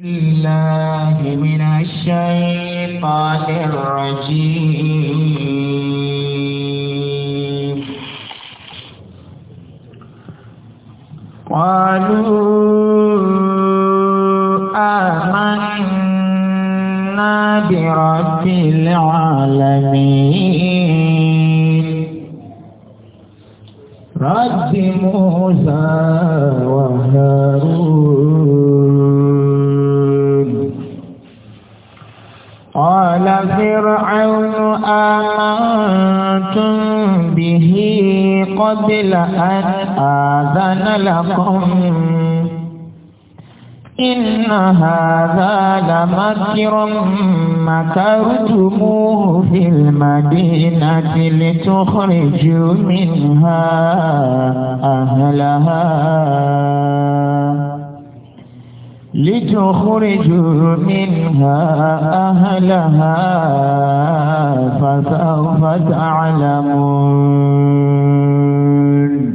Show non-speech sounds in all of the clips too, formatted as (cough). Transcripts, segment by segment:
الله من الشيطان الرجيم قالوا آمنا برب العالمين رب موسى وهارون قال فرعون آمنتم به قبل أن آذن لكم إن هذا لمكر مكرتموه في المدينة لتخرجوا منها أهلها لتخرجوا منها أهلها فسوف تعلمون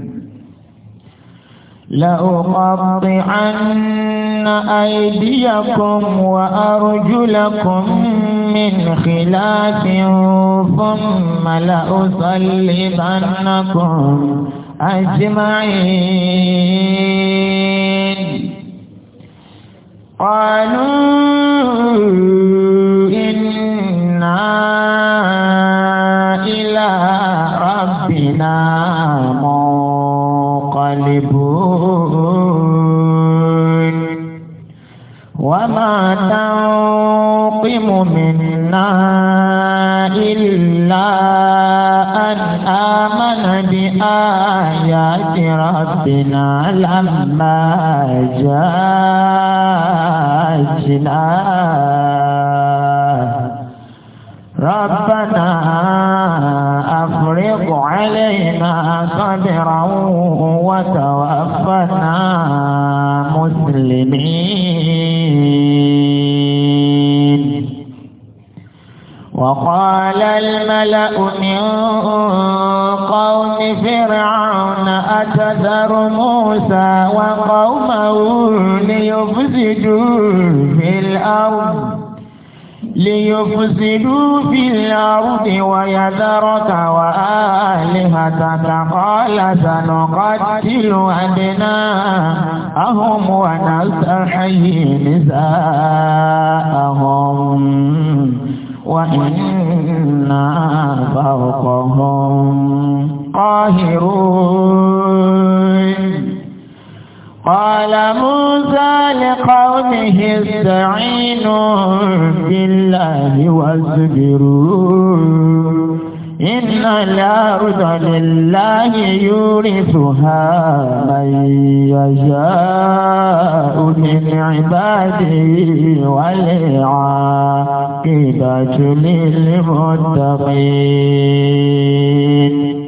لأقطعن أيديكم وأرجلكم من خلاف ثم لأصلبنكم أجمعين قالوا إنا إلى ربنا منقلبون وما تنقم منا إلا من آمن بآيات ربنا لما جاءتنا ربنا أفرغ علينا صبرا وتوفنا مسلمين وقال الملأ من قوم فرعون أتذر موسى وقومه ليفسدوا في الأرض ليفسدوا في الأرض ويذرك وآلهتك قال سنقتل أبناءهم ونستحيي نساءهم وَإِنَّا فوقهم قاهرون قَالَ موسى لقومه استعينوا بِاللَّهِ واصبروا إن الأرض لله يورثها من يشاء من عباده والعاقبة للمتقين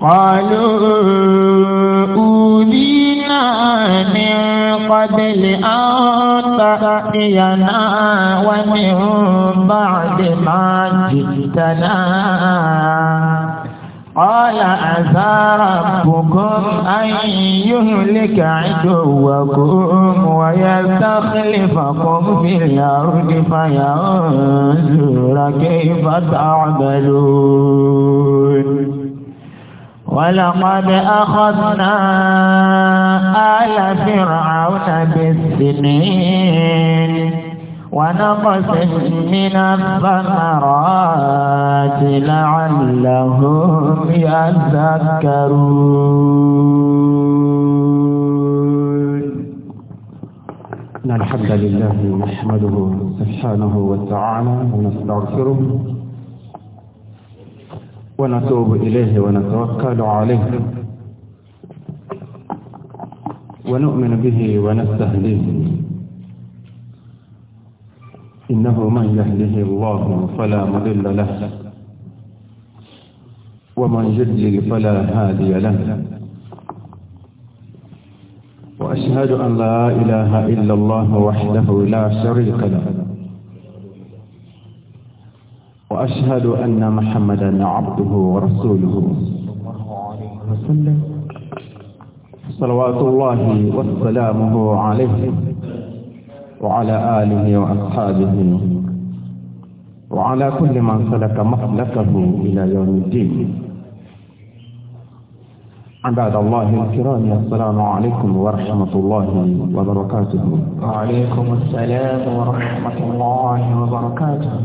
قالوا أولي من قبل أن تأتينا ومن بعد ما جئتنا قال عسى ربكم أن يهلك عدوكم ويستخلفكم في الأرض فينظر كيف تعملون ولقد أخذنا آل فرعون بالسنين ونقص من الثمرات لعلهم يذكرون إن الحمد لله نحمده سبحانه وتعالى ونستغفره ونتوب إليه ونتوكل عليه ونؤمن به ونستهديه إنه من يهده الله فلا مضل له ومن يضلل فلا هادي له وأشهد أن لا إله إلا الله وحده لا شريك له وأشهد أن محمدا عبده ورسوله صلوات الله وسلامه عليه وعلى آله وأصحابه وعلى كل من سلك مسلكه إلى يوم الدين عباد الله الكرام السلام عليكم ورحمة الله وبركاته وعليكم السلام ورحمة الله وبركاته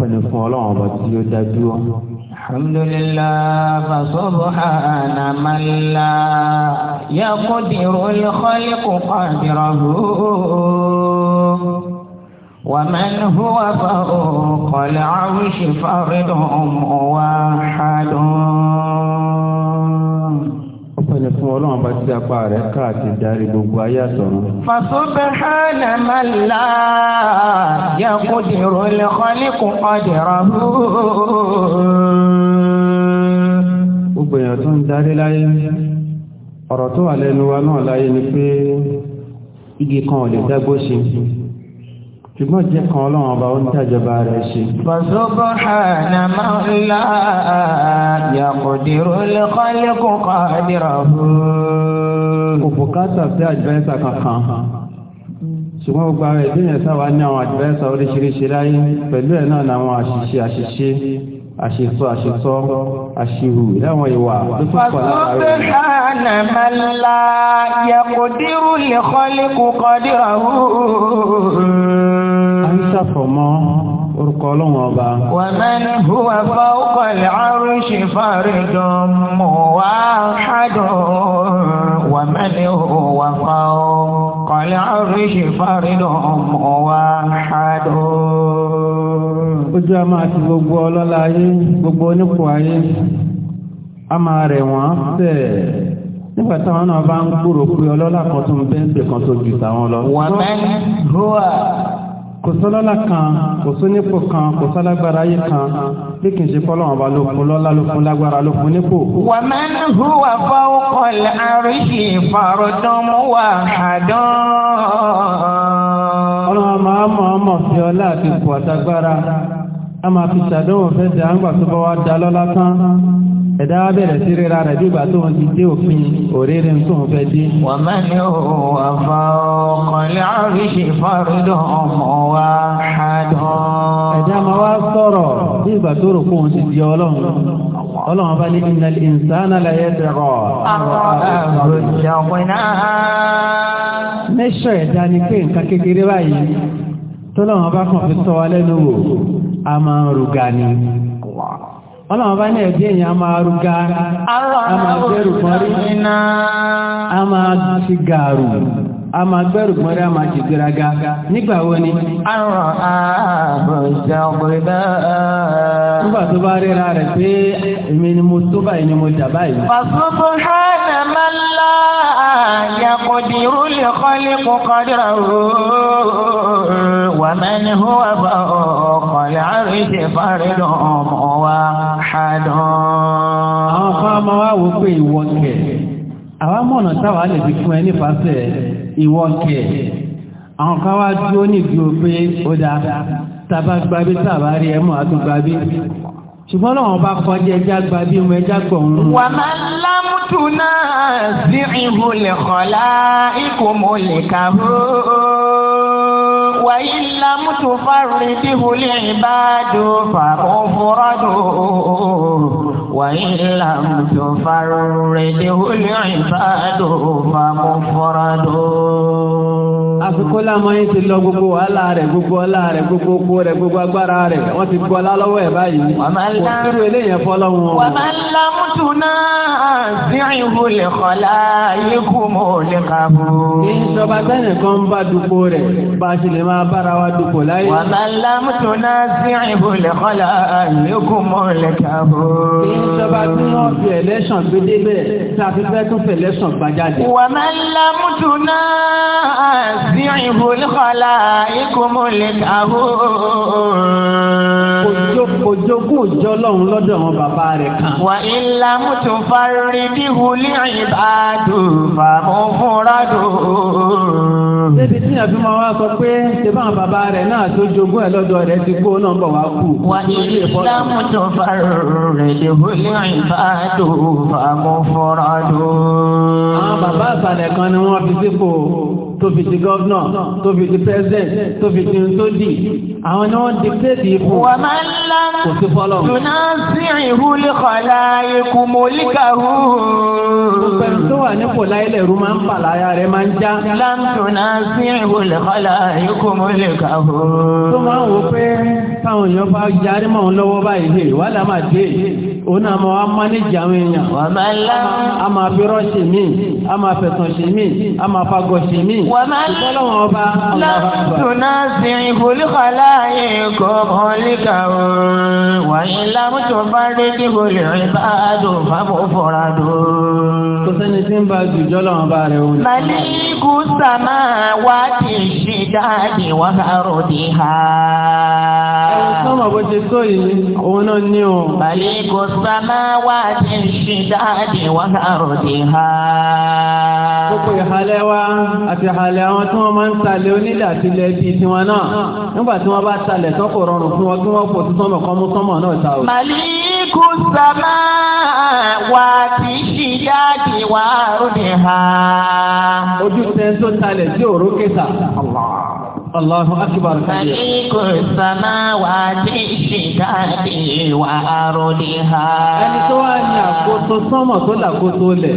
ọpẹ́ ni fún ọlọ́run ọba tí ó dájú ọ. alhamdulilah fasubhana man la yaqdiru al-khaliqu qadrahu wa man huwa fawqa al-arshi fardun wahidun. Ọpẹ́ ni fún Ọlọ́run bá ti apá rẹ̀ káàkiri darí gbogbo ayé àtọ̀run. Fasubhana man la yaqdiru al-khaliqu qadrahu. Gbogbo èèyàn tó ń darí láyé, ọ̀rọ̀ tó wà lẹ́nu wa náà láyé ni pé igi kan ò lè dágbó ṣe ṣùgbọ́n jẹ́ kan ọlọ́run ọba ó ń tàjọba rẹ̀ ṣe. Subhana mọ́lá yàkùdìrú lẹ́kọ́lẹ́kùn kọ́dìrọ̀ fún. Òbùkátà sí àdìbẹ́sà kankan. Ṣùgbọ́n gbogbo àwọn ẹ̀dín yẹn sáwà ní àwọn àdìbẹ́sà oríṣiríṣi láyé pẹ̀lú ẹ̀ náà làwọn àṣìṣe àṣìṣe àṣìṣọ àṣìṣọ àṣìrù láwọn ìwà tó tún pọ̀ lára rẹ̀. Subhana mọ́lá yàkùdìrú lẹ́kọ́lẹ́kùn kọ́dìrọ̀ fún ń ṣàfọ̀mọ́ orúkọ ọlọ́run ọba. ojú a máa ti gbogbo ọlọ́lá ayé gbogbo onípò ayé a máa rẹ̀ wọ́n tẹ̀ nígbà táwọn náà bá ń gbúrò pé ọlọ́lá kan tó ń kan tó ju tàwọn lọ. wọ́n mẹ́rin kò sọlọ́lá kan kò sónípò kan kò sálágbára ayé kan bí kì í ṣe kọ́ lọ́wọ́n bá ló fún lọ́lá ló fún lágbára ló fún nípò. wà á máa ń hùwà fáwọkọ̀ àríṣì ìfàrọ̀dánmú wà àdán. ọlọ́run máa mọ̀ ọ́n mọ̀ fi ọlá àti ipò àtagbára a máa fi ṣàdéhùn fẹ́ dé àǹgbà tó bá wá dá lọ́lá tán ẹ̀dá wa bẹ̀rẹ̀ sí rírà rẹ̀ bí ìgbà tó ń ti dé òfin òrèrè tó ń fẹ́ dé. wà á ní òwò àfà ọkànlẹ̀ àríṣe fárúdọ̀ ọmọ wa ṣáàdọ̀. ẹ̀dá máa wá sọ̀rọ̀ bí ìgbà tó rò kóun ti di ọlọ́run ọlọ́run bá ní innal insana la yadgha. mẹ́ṣọ̀ ẹ̀dá ni pé nǹkan kékeré báyìí tọ́lọ́run bá kàn fi sọ wa lẹ́nu wò a máa ń rúgani ọlọ́run bá ní ẹ̀dí èèyàn máa rúgá a máa gbẹ́rù pọ́nrí a máa ti gàrù a máa gbẹ́rù pọ́nrí a máa ti gbéraga nígbà wo ni nígbà tó bá ríra rẹ̀ pé èmi ni mo tó báyìí ni mo jà báyìí يقدر لخلق قدره ومن هو فوق العرش فرد مواقع àhàdán. àwọn kan máa wá wò pé ìwọ kẹ̀ àwa mọ̀nà táwa lè fi fún ẹ nípasẹ̀ ìwọ kẹ̀ àwọn kan wá dúró nídìí o pé ó dáa tàbá gbàbí tàbá rí ẹ mọ́ àtúgbàbí ṣùgbọ́n náà wọ́n bá kọjá ẹja gba bí wọn ẹja wà á máa lámùtù náà sí ìhùlẹ̀ kọ̀ọ̀lá ikú وإن لم تفرده العباد فمفرد وإن لم تفرده العباد فمفرد àsìkò lámọ́yìn ti lọ gbogbo wàhálà rẹ̀ gbogbo ọlá rẹ̀ gbogbo opó rẹ̀ gbogbo agbára rẹ̀ wọ́n ti gbọ́ lálọ́wọ́ ẹ̀ báyìí kò sírò eléyẹn fọlọ́run wọn. wàmà ńlá náà sí ìhù lè kọ́lá ikú mọ́ lè kàbó. ìjọba tẹ́nì kan ń bá dupò rẹ̀ bá a ṣe lè máa bára wa dupò láyé. wàmà ńlá náà sí ìhù lè kọ́lá ikú mọ́ lè kàbó. ìjọba tí wọ́n fi ẹ̀lẹ́sàn gbé débẹ̀ tí a fi fẹ́ tún fẹ̀lẹ́sàn gbàjáde. wàmà ńlá mútu náà sí yọ̀yìnbó lọ́kọ̀ọ́lá ikú mo lè kàwó. Òjogún òjọ́ lọ́hùn lọ́dọ̀ àwọn bàbá rẹ̀ kan. Wà ilà mútu fárí bí wulí ìbádùn fàmú fúnradùn. Débi tí àfi máa wá sọ pé ṣé báwọn bàbá rẹ̀ náà tó jogún ẹ̀ lọ́dọ̀ rẹ̀ ti gbó náà bọ̀ wá kú. Wà ilà mútu fárí bí wulí ìbádùn fàmú fúnradùn. Àwọn bàbá àṣàlẹ̀ kan ni wọ́n fi sípò tó fi ti gọ́ọ̀nà tó fi ti president tó fi ti tó àwọn ni wọ́n dictate ìbò kò sí fọ́lọ̀. tùnà sí ìhúlẹ̀ kọ̀lá ikú mọ́líkà hù. gbogbo tó wà nípò láìlẹ̀ rú máa ń fà láyà rẹ̀ máa ń já. láǹtùnà sí ìhúlẹ̀ kọ̀lá ikú mọ́líkà hù. tó máa ń wò pé táwọn èèyàn bá yarí mọ́ òun lọ́wọ́ báyìí wà lámà dé òun náà máa mánéjì àwọn èèyàn. wàmẹ́lá. a máa fi rọ́ọ̀ṣì míì a máa fẹ̀sàn ṣì míì a máa fagọ̀ ṣì míì ṣùgbọ́n lọ́wọ́ ọba lọ́tùnà sí ìfòlùkọ́lá ẹ̀kọ́ kọ́líkà wàyí lámùtò bá dé kí olè rìn sọ́mọ̀ bó ṣe tó yìí òun náà ní o. màlíkù sàmà wá ti ṣe dáàdì wá ha. gbogbo ìhàlẹ́ wa àti ìhàlẹ̀ àwọn tí wọ́n máa ń talẹ̀ onídàtílẹ̀ bí i tiwọn náà nígbà tí wọ́n bá talẹ̀ tán kò rọrùn fún wọn kí wọ́n pò sí kan mú sọ́mọ̀ náà ta o. màlíkù sàmà wà tí ṣìyáàdì wà rúdì ha. ojú tẹ tó talẹ̀ sí òrókè sà. Allahu akbar kabir. Màlíkù sàmà wà tí ṣìyáàdì wà rúdì ha. Ẹni tó wà ní àkóso sọ́mọ̀ tó dàkóso lẹ̀.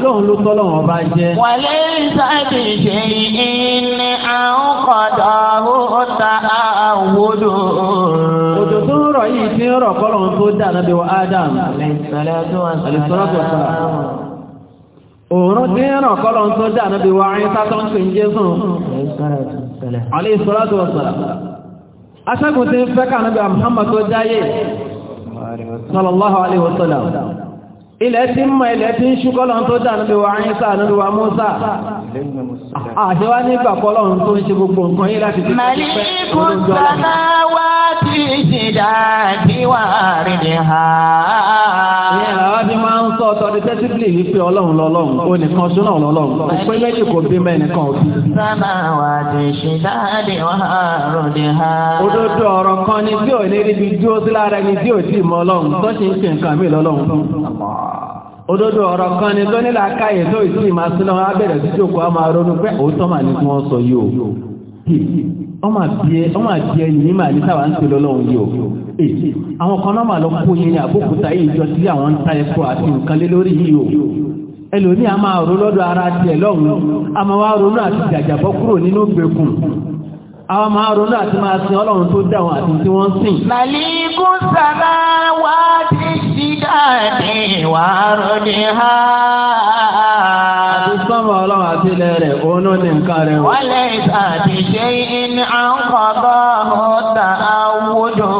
Ọlọ́run ló tọ́ lọ́wọ́ bá jẹ́. wàlẹ́ ìsáàdì ṣe ìní àwọn kọ̀dọ̀ ó ta àwòdò. òjò tó ń rọ̀ yìí ti ń rọ̀ kọ́lọ́run tó dà nábẹ́ wa Adam. òòrùn ti ń rọ̀ kọ́lọ́run tó dà nábẹ́ wa Isa tó ń pè ní Jésù. alẹ́ ìsọ́lá tó sọ̀rọ̀. aṣẹ́gun ti ń fẹ́ kànábẹ́ Muhammad tó dáyé. sallallahu alaihi wasallam ilẹ̀ tí ń mọ̀ ilẹ̀ tí ń ṣúkọ́lọ̀ tó dánúbí wa àyíṣà nínú wa Mùsá àṣẹwá ní ìgbàkọ́lọ̀ tó ń ṣe gbogbo nǹkan yí láti ti pẹ́ Ọlọ́run lọ́lọ́run, ó nìkan ṣúná lọ́lọ́run, pé méjì kò bí mẹ́ nìkan òbí. Sámàwà ti ṣe dáadé wà rò ní ha. Òdodo ọ̀rọ̀ kan ni tí ò ní rí bí jí ó sí lára ẹni tí ò tí mọ́ Ọlọ́run, tó ṣe ń ṣe nǹkan mí lọ́lọ́run. Allah òdodo ọ̀rọ̀ kan ni tó nílà káyè tó ìtú ìmá sílọ abẹ́rẹ̀ tí tí ó kọ́ máa ronú pé òótọ́ mà ní kí wọ́n sọ yóò ọmọ àti ẹni ní màá ní sáwà ń tèlọ lọ́wọ́ yóò àwọn kan náà mà lọ kó yẹn ní àbókúta yìí jọ sí àwọn ń ta ẹ̀kọ́ àti nǹkan lé lórí yìí o máa rò lọ́dọ̀ ara tiẹ̀ lọ́hùn-ún a máa wá ronú àti jàjàbọ́ kúrò nínú gbẹ̀kùn àwọn máa ronú àti máa sin ọlọ́run tó dá wọn àti tí wọ́n sìn. màlíkù sábà wá ti ṣídà ní ìwà rọ̀dì ha. àti sọ́mọ ọlọ́run àti ilẹ̀ rẹ̀ òun ní nǹkan rẹ̀. wọ́n lè ṣàti ṣe inú àǹkọ́bọ̀ ọ̀tá àwùjọ.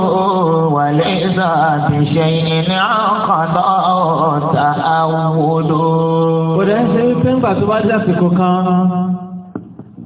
wọ́n lè ṣàti ṣe inú àǹkọ́bọ̀ ọ̀tá àwùjọ. kò dẹ́ ṣe pé ńgbà tó bá jẹ́ àsìkò kan.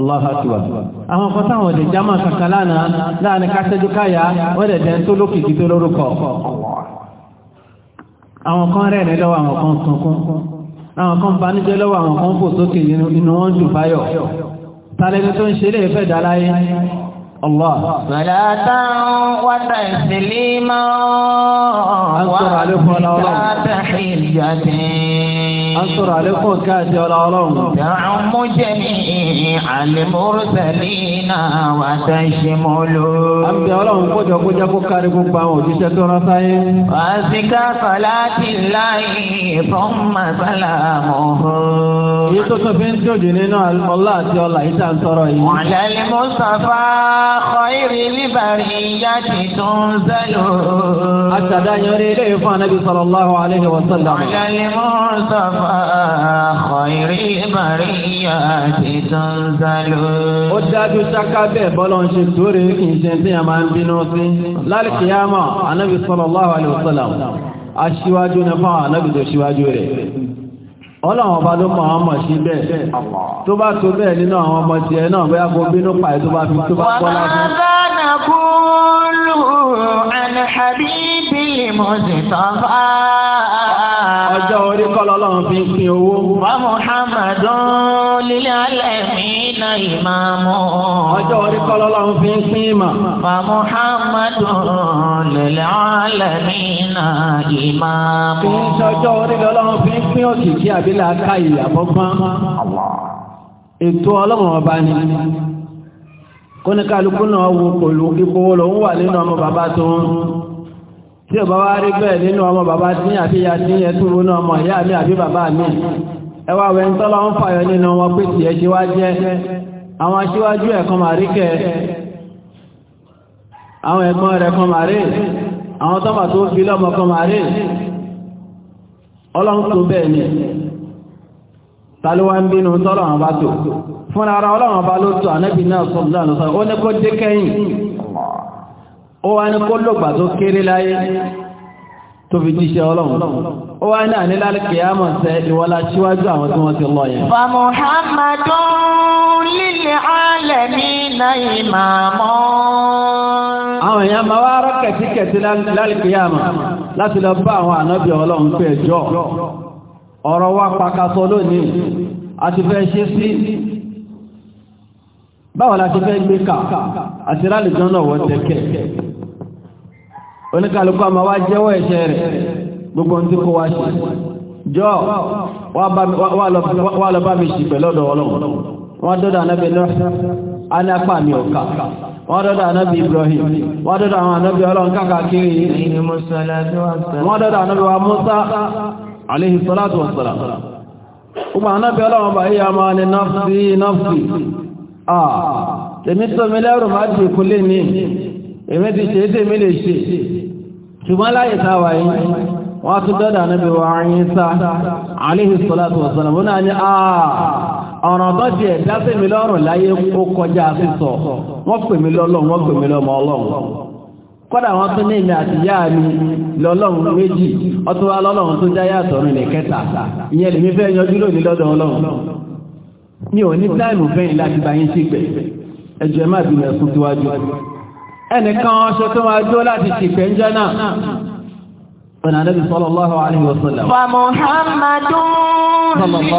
Allahu Akbar. Àwọn ọkọ̀ táwọn ọ̀dẹ̀ jámà kàkà lánàá láàrin káṣẹ́jú káyà wọ́n dẹ̀ dẹ̀ tó lókìkí tó lórúkọ. Àwọn kan rẹ̀ rẹ̀ lọ́wọ́ àwọn kan sunkún. Àwọn kan banújẹ́ lọ́wọ́ àwọn kan fò sókè inú wọn jù báyọ̀. Tàlẹ́ni tó ń ṣe lè fẹ́ dáláyé. Allah. Sọ̀látà wàtà ìsìlímọ̀ wà أنصر عليكم كاتي ولا علوم تعم جميع المرسلين وتشمل أم بيولهم كجا كجا كاركم باو جيشة رسائي وأزكى صلاة الله ثم سلامه يتوسف بنت جنين الله تعالى إنسان صرعي وعلى المصطفى خير البرية تنزل أتدى يريد فنبي صلى الله عليه وسلم وعلى المصطفى خير البريات تنزل ó dájú ṣáká bẹ́ẹ̀ bọ́lá ń ṣe torí kì í ṣe tí a máa ń bínú sí lálùkìyàmọ̀ anábì sallallahu alaihi wasallam aṣíwájú ní fáwọn anábì tó ṣíwájú rẹ̀ ọlọ́run ọba ló mọ̀ àwọn ọmọ sí bẹ́ẹ̀ tó bá tó bẹ́ẹ̀ nínú àwọn ọmọ tiẹ̀ náà bóyá kó bínú pàì tó bá fi tó bá pọ́ lábẹ́. وما نقول عن حبيبي مصطفى lọ́lọ́run fi ń pín owó. Wa Muhammadun lil alamina imamu. Ọjọ́ orí kọ́ lọ́lọ́run fi ń pín ìmọ̀. Wa Muhammadun lil alamina imamu. Kì í ṣọjọ́ orí lọ́lọ́run fi ń pín òkìkí àbílẹ̀ aká ìyàbọ̀gbọ́n. Ètò ọlọ́run ọba ni kóníkàlùkù náà wo pẹ̀lú ipò lòun wà nínú ọmọ bàbá tó ń. tí ọba wá rí bẹ́ẹ̀ nínú ọmọ bàbá tí àbí ya tí ẹ tó wọnú ọmọ ìyá mi àbí bàbá mi ẹwà wẹ̀ ń ń fàyọ nínú wọn pé tí ẹ ṣe wá jẹ́ àwọn aṣíwájú ẹ̀kan màrí àwọn ẹ̀gbọ́n rẹ̀ kan màrí àwọn tọ́mà tó fi lọ́mọ kan màrí ọlọ́run tó bẹ́ẹ̀ ni ara ó wá ní kọ́lọ̀gbà tó kéré láyé tó fi jíṣẹ́ ọlọ́run ó wá ní ànílá kìyàmọ̀ sẹ ìwọlá síwájú àwọn tí wọ́n ti lọ yẹn fa Muhammadun lil alamina imama àwọn èèyàn máa wá rọ́kẹ̀tíkẹ̀tí lálìkìyàmọ̀ láti lọ bá àwọn ànábì ọlọ́run pé ẹjọ́ ọ̀rọ̀ wá pàkàtọ̀ lónìí àti fẹ́ ṣe sí báwọn láti fẹ́ gbé kà àti rálìjọ́ náà wọ́n tẹ́kẹ̀ẹ́ oníkàlùkù àmà wá jẹ́wọ́ ẹ̀ṣẹ̀ rẹ̀ gbogbo tí kó wá ṣe jọ wà lọ bá mi ṣì pẹ̀lú ọ̀dọ̀ ọlọ́run wọ́n dọ́dọ̀ anábì náà a ní apá mi ọ̀ka wọ́n dọ́dọ̀ anábì Ibrahim wọ́n máa ní nafsi nafsi ah tèmi tó mi lẹ́rù má ní èmi ti ṣe é tèmi ṣe ṣùgbọ́n láyé táwa yìí wọ́n tó dọ́dà níbi wa ní sá aléhì sọ́látù wọ̀sánà náà ní àà ọ̀ràn tó jẹ́ dáṣẹ́ mi lọ́rùn láyé ó kọjá sísọ wọ́n pè mí lọ́lọ́run wọ́n pè mí lọ́mọ kọ́dà wọ́n tún ní ìmì àti mi lọ́lọ́run méjì ẹnìkan ṣe tó máa jó láti ṣìpẹ̀ ń jẹ́ náà ọ̀nà àdẹ́bì sallallahu alaihi wasallam wa Muhammadun lil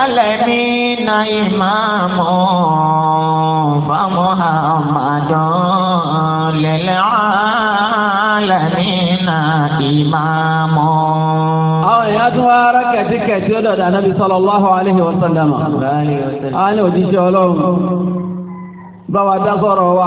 alamina imamu wa Muhammadun lil alamina imamu àwọn èèyàn tún wá ara kẹ̀tíkẹ̀tí ó dọ̀dà àdẹ́bì sallallahu alaihi wasallam àwọn òjíṣẹ́ ọlọ́run bá wa dá sọ́rọ̀ wa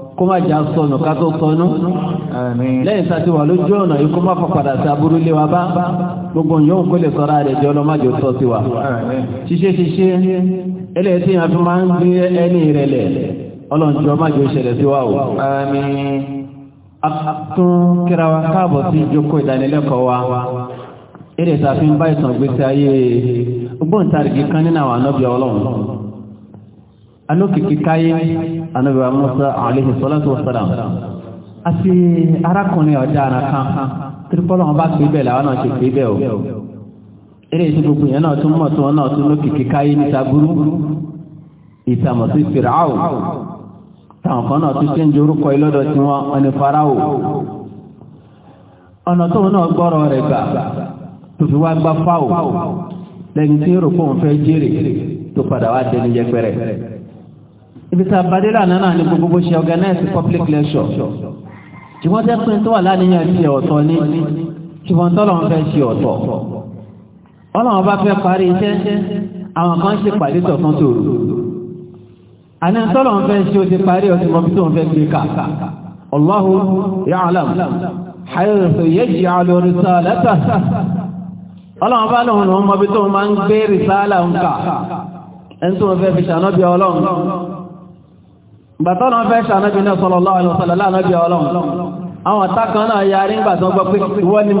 kó má jà sọnù ká tó sọnù lẹ́yìn a ti wà lójú ọ̀nà yìí kó má sí bá gbogbo yòówù kó lè sọ̀rọ̀ àrẹ̀ jẹ́ ọlọ́mọdé tó sí wa. ṣíṣe ṣíṣe eléyìí tí a fi máa ń gbé ẹni ìrẹ̀lẹ̀ ọlọ́njọ́ o. kíra wa káàbọ̀ sí ìjókòó wa a fi ń bá gbèsè ayé kan nínú anókìkí káyé anábẹ̀wà Musa alayhi salatu wassalam àti arákùnrin ọ̀dá ara kan tírípọ́lọ̀ wọn bá pè bẹ́ẹ̀ làwọn náà ṣe pè bẹ́ẹ̀ o eré tí gbogbo yẹn náà tún mọ̀ tí wọn náà tún lókìkí káyé níta burú ìtàmọ̀ sí fìràwò táwọn kan náà tún ṣe ń jẹ orúkọ ìlọ́dọ̀ tí wọn ọni farao ọ̀nà tóun náà gbọ́rọ̀ rẹ̀ gbà tó fi wá gbá fáwò lẹ́yìn tí ó rò pé òun fẹ́ jèrè tó padà wá dẹni yẹpẹrẹ ibi tí a bá dé lánàá náà ni gbogbo ṣe organize public lecture ṣùgbọ́n tẹ́ pín tó wà láníyàn ti ọ̀tọ̀ ní ṣùgbọ́n tọ́lọ́run fẹ́ ṣe ọ̀tọ̀ ọlọ́run bá fẹ́ parí iṣẹ́ àwọn kan ṣe pàdé tọ̀tún tòru àní tọ́lọ́run fẹ́ ṣe o ti parí ọtí mọ́bí tó ń fẹ́ gbé ká Allahu ya'lam haythu yaj'alu risalatahu ọlọ́run bá lòun lòun mọ́bí tó máa ń gbé rìsálà ń kà ẹni tó ń fẹ́ fi ṣànọ́bí ọlọ́run gbàtọ́nà fẹ́ ṣànábi náà sallallahu alaihi na lánàbí ọlọ́run àwọn àtàkàn náà yarí ń gbàtọ́ gbọ́ pé wọ́n ni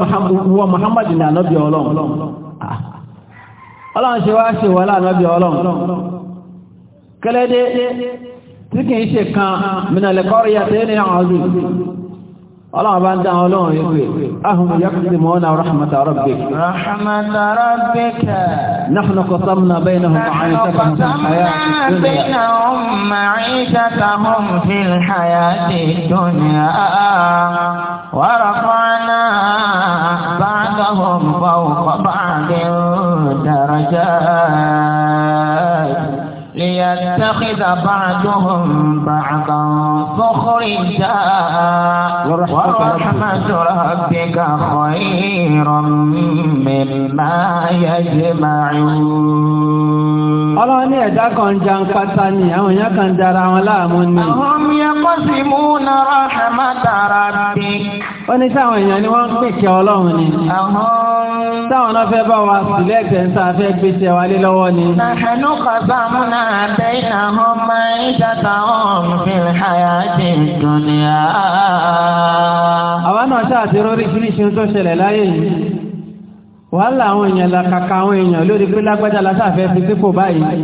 Muhammad ní ànábí ọlọ́run ọlọ́run ṣe wá ṣe ọlọ́run kẹlẹ́dẹ́ tí kìí ṣe kan mìnàlẹ̀kọ́rìyà الله بان دعوه يقول أهم يقسمون رحمة ربك رحمة ربك نحن قسمنا بينهم معيشتهم في الحياة الدنيا بينهم معيشتهم في الحياة الدنيا ورفعنا بعضهم فوق بعض الدرجات يتخذ بعضهم بعضا فخرجا ورحمة ربك خير مما يجمعون ọlọ́run ní ẹ̀dá kan jan kata ni àwọn èèyàn kan dara wọn láàmú ni. àwọn yaqsimuna rahmata rabbik. ó ní sáwọn èèyàn ni wọ́n ń pèkè ọlọ́run ni. àwọn táwọn náà fẹ́ bá wa sílẹ̀kẹ̀ ń sá fẹ́ gbé ṣe wa lé lọ́wọ́ ni. nàánú kọ̀ọ̀bá múná àbẹ́ ìnáwó máa ń dàtà ọ̀hún fi àyà ti dùnìyà. àwa náà ṣáà ti rọrí fínísì tó ṣẹlẹ̀ láyé yìí. wàhálà àwọn èèyàn làkàkà àwọn èèyàn lórí pé lágbájá lásàfẹ́ fi sípò báyìí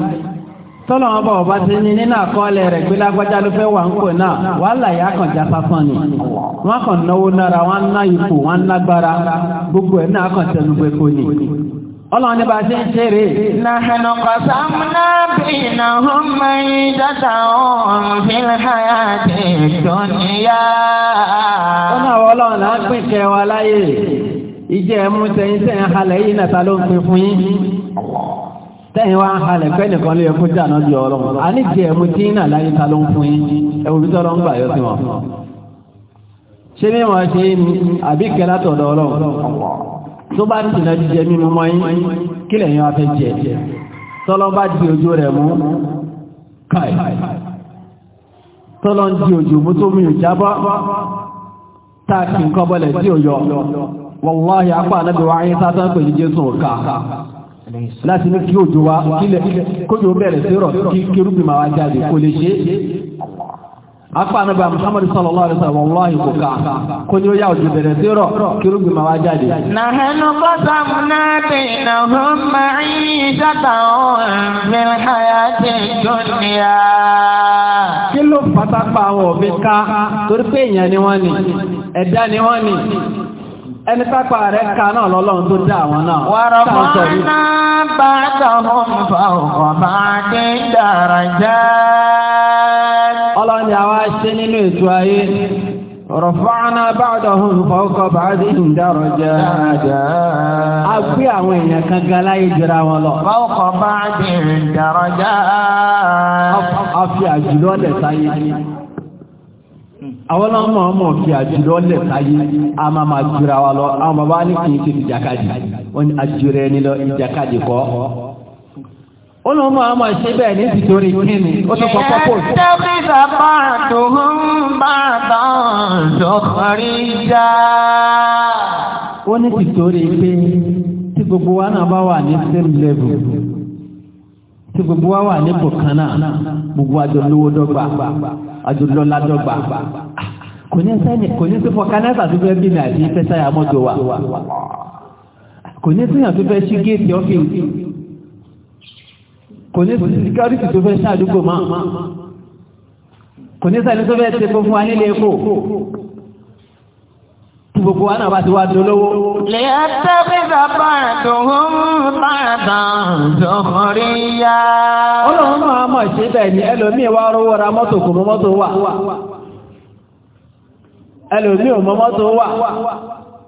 tọ́lọ̀ wọn bá ọba ti ní nínú àkọọ́lẹ̀ rẹ̀ pé lágbájá ló fẹ́ wà ń pè náà wàhálà yà á kàn já sásán ni wọ́n kàn náwó nára wọ́n ná ipò wọ́n lágbára gbogbo ẹ̀ náà kàn tẹnu pé kò ní. ọlọ́run ní bá a ṣe ń ṣeré. nàhánà kọ̀sámù náà bìnnà ọmọ yìí dáta ọ̀hún fílhàyà ti dùnìyà. ó náà wọ́n lọ́run náà pín kẹwàá láyè ìjẹ́ ẹ̀mú tẹ́yìn wá ń halẹ̀ pé nìkan ló yẹ kó jà náà di ọ̀rọ̀ àní jẹ́ ẹ̀mú tí ń nà láyé ta ló ń fún yín ẹ̀wù bí tọ́lọ́ ń gbà yọ sí wọn. ṣé bí wọ́n ṣe ní àbí kẹlá tọ̀dọ̀ ọlọ́run tó bá ti nà jíjẹ mímu mọ́ yín kí lẹ́yìn wá fẹ́ jẹ tọ́lọ́ bá di ojú rẹ̀ mú káì tọ́lọ́ ń di ojú mú tó mi ò jábọ́ táàkì nǹkan bọ́lẹ̀ tí ò yọ wọ́n wáyé apá ànábìwáyé sátán pẹ̀lú jésù láti ní kí òjò wa kílẹ̀ kójò bẹ̀rẹ̀ sí rọ̀ kí kérúbì máa wá jáde kò lè ṣe apá anábà muhammad sallallahu alaihi wasallam wallahi kò ká kó ní ó yá òjò bẹ̀rẹ̀ sí rọ̀ máa jáde. kí ló fàtàpá àwọn òbí ká torí pé èèyàn ni wọ́n ni ẹ̀dá ni wọ́n ni ẹni pápá rẹ̀ ká náà lọ́lọ́run tó dá àwọn náà. wàrà máa ń bá tọ̀hún fa ọkọ̀ máa dé dára jẹ́. ọlọ́ni àwa ṣe nínú ètò ayé. rọ̀fọ́nà báwọ̀dọ̀hún fọ́kọ̀ báwọ̀dì ń dárò jẹ́. a gbé àwọn èèyàn kan ga láyé jura wọn lọ. fọ́kọ̀ báwọ̀dì ń dárò jẹ́. a fi àjùlọ sáyé. àwọn ọmọ ọmọ nke ajụrụ lẹ̀ a máa máa jura wa lọ àwọn ọmọ bá ní ṣe ìjàkadì ẹni lọ ìjàkadì kọ́ ó lọ máa máa ní ìtìtorí kíni ó tó kọ́ pọ́pọ́ tó ń bá bá já. ó ní pé tí gbogbo wa náà àjòjọ ládọ́gba kò ní sẹ́ni kò ní sí fọkánẹ́sà tó fẹ́ bí mi àti fẹ́sà àmọ́jọ wa kò ní síyàn tó fẹ́ sí géètì ọ́fíìsì kò ní sí síkárìtì tó fẹ́ ṣáàdúgbò máa kò ní gbogbo wa náà bá ti wá dolówó. lè á tẹ́bíta tó hún bára tán yá. ọlọ́run náà mọ̀ bẹ́ẹ̀ ni ẹlòmíì wá rówó ra mọ́tò kò mọ mọ́tò wà. ẹlòmíì ò mọ mọ́tò wà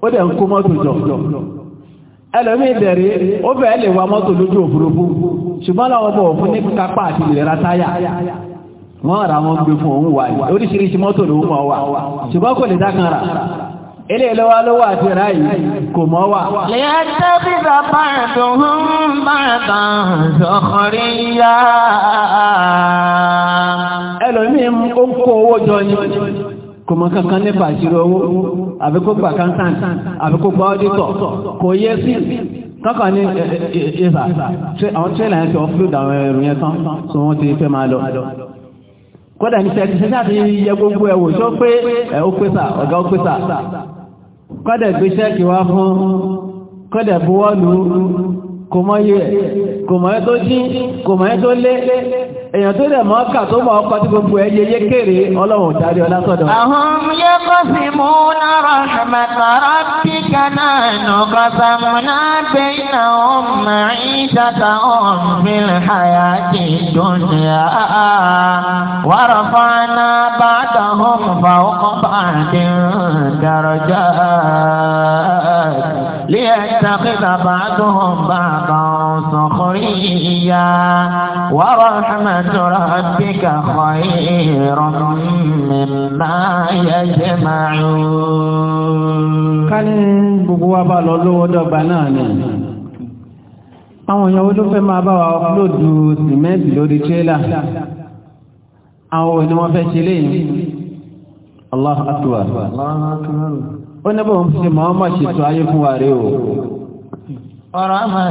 ó dẹ̀ ń kó mọ́tò jọ ẹlòmíì ó bẹ̀ẹ́ lè wa mọ́tò lójú òfurufú ṣùgbọ́n láwọn bọ̀ fún ní kápá àti ìlera táyà wọ́n ra wọn gbé fún òun wà oríṣiríṣi mọ́tò mọ̀ wà ṣùgbọ́n ilé ìlọ́wà lówà àti ráyì kò mọ́ wà. lẹ́tẹ́bíbà bàtùhún bàtàn sọ̀kọ̀rí yá. ẹlòmí ó ń kó owó jọ ni kò mọ kankan nípa ìṣirò owó àbí kó gbà kankan àbí kó gbà ọ́dítọ̀ kò yẹ sí kankan ní ìfà àwọn tírẹ̀là yẹn ti wọ́n fúlù dàwọn ẹrù yẹn tán tí wọ́n ti fẹ́ máa lọ kódà ní sẹ́ẹ̀tì sẹ́ẹ̀tì àti yẹ gbogbo ẹ̀wò tó pé ẹ̀ ó pèsà ọ̀gá ó pèsà kọ́dẹ̀ gbé ṣẹ́kì wá fún kọ́dẹ̀ buwọ́lù kò mọ́ yẹ kò mọ́ yẹ tó jí kò mọ́ tó lé èèyàn tó dẹ̀ mọ́ kà tó mọ́ ọkọ̀ tí gbogbo ẹyẹ yé kéré ọlọ́run dárí ọlá sọ́dọ̀. ọ̀hún yẹ kó sì mú náírà ṣàmẹ̀tàrà bí kaná nùkọ́ sàmúná gbé iná ọmọ ìṣàtà ọ̀mí àyà ti dúnìá. wàrà fana bàtà hàn fà ọkọ̀ bàtà dàrọ̀jà. ليتخذ بعضهم بعضا سخريا ورحمة ربك خير مما يجمعون ká ní gbogbo wa bá lọ lówó dọ́gba náà ni àwọn èèyàn ó ló fẹ́ máa bá wa ọ́pùlòdù sìmẹ́ǹtì lórí tírélà àwọn òní wọ́n fẹ́ ṣe léyìn Allahu akbar ó ní bóun ṣe máa mọ̀ ṣètò ayé fún wa rèé o. ọ̀rọ̀ àmà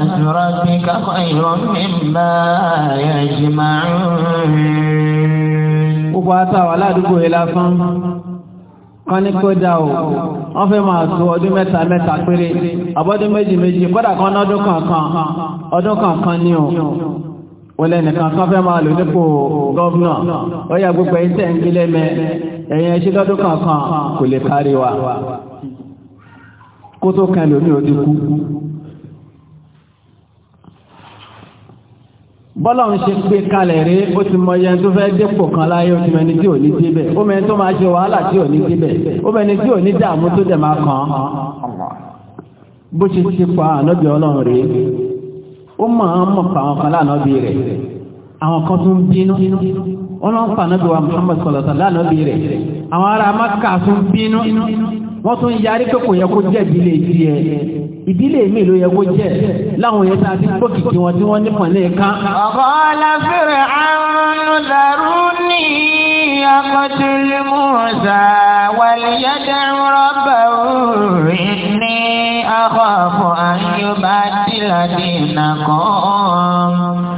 kan ní kó dá o wọ́n fẹ́ máa tó ọdún mẹ́ta mẹ́ta péré àbọ́dún méjì méjì kan ọdún kankan ọdún kankan o wọlé nìkan kan fẹ́ máa lò nípò ó yà gbogbo ẹ̀yìn ń mẹ́ ẹ̀yìn ẹ̀ṣẹ́ lọ́dún kankan kò lè kárí wa. kó tó kan lómi ò ti kú bọ́lọ̀n ṣe pé kalẹ̀ rí ó ti mọ yẹn tó fẹ́ dépò kan láyé ó ti mẹni tí ò ní débẹ̀ ó mẹni tó máa ṣe wàhálà tí ò ní débẹ̀ ó mẹni tí ò ní dààmú tó dẹ̀ máa kàn bó ṣe ṣe pa ànábì ọlọ́run rí ó máa ń mọ̀ pa àwọn kan lánàá rẹ̀ àwọn kan tún bínú wọ́n lọ́n fà wa Muhammad sọ̀lọ̀tà lánàá bí rẹ̀ àwọn ará Mákà tún bínú wọ́n tún yarí pé yẹ kó jẹ́ ìdílé ìdí ẹ̀ ìdílé mi ló yẹ kó jẹ́ láwọn yẹn tá a wọn tí wọ́n ní pọ̀lẹ́ kan. ọ̀kọ́lá fèrè àrùn dàrú ní akọ́tìlì kan.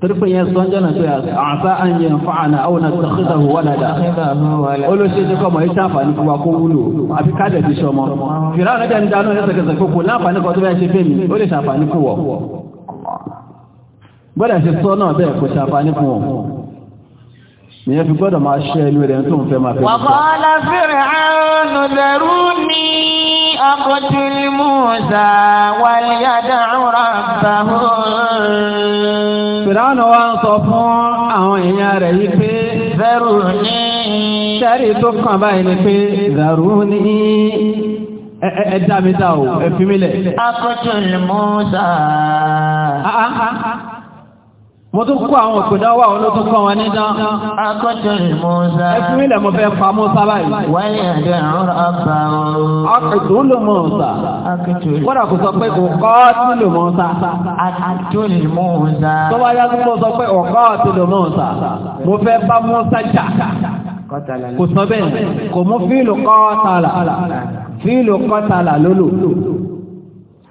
torípé yẹn sọ ọjọ́ náà pé àṣà àyè fàánà àwọn àtàkìtàwò wàlàdà olóṣèṣe kọmọ iṣẹ́ àǹfààní fún wa kó wúlò àbí káàdẹ̀ ti ṣọmọ fìrà ọ̀nà jẹ́ ń dáná ẹsẹ̀kẹsẹ̀ kókò láǹfààní kan tó bẹ́ẹ̀ ṣe fẹ́ mi ó lè ṣàǹfààní fún wọ gbọ́dọ̀ ṣe sọ náà bẹ́ẹ̀ kò ṣàǹfààní fún wọn ìyẹn fi gbọ́dọ̀ máa ṣe ẹnu rẹ̀ tó ń fẹ́ máa fẹ́ wàkọ́lá fẹ́rẹ̀ àrùn lẹ́rú ní ọkọ̀ tó ní mú Fìràánù wa ń sọ fún àwọn èèyàn rẹ̀ yìí pé. Bẹ́rù ní. Sẹ́rí tó kàn báyìí ni pé Zàrú ní ẹ dá mi dá o, ẹ fi mi lẹ̀. Akọ́tún Mùsà mo tún kó àwọn òpìdá wà wọn ló tún kọ́ wọn nídán. akọ́jọ́ ìmọ̀ọ́sá. ẹkùn ilẹ̀ mo fẹ́ pa mọ́sá báyìí. wáyé àdé àwọn ọba ooo. akẹ́tù ló mọ̀ọ́sá. akẹ́tù ló. kódà kò sọ pé kò kọ́ tí ló akẹ́tù ló tó bá yá tó sọ pé ọ̀kọ́ tí ló mọ̀ọ́sá. mo fẹ́ bá mọ́sá jà. kò sọ bẹ́ẹ̀ kò mú fíìlù kọ́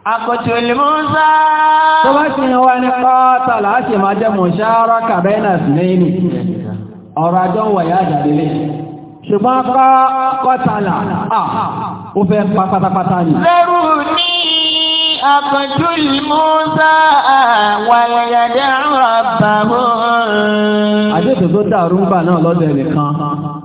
Àkòtò ìlúmọ́sá. Tó bá ṣe wá ní pátá láti máa jẹ́ mọ̀ ṣáárá kàbẹ́nà sí lẹ́yìn. Ọ̀rọ̀ àjọ ń wàyá àjàdélé. Ṣùgbọ́n ká ó fẹ́ pátápátá ni. Lẹ́rù ní àkòtò ìlúmọ́sá wàyàyàdẹ́ àbàbò. Àjẹ́ tó tó dàrú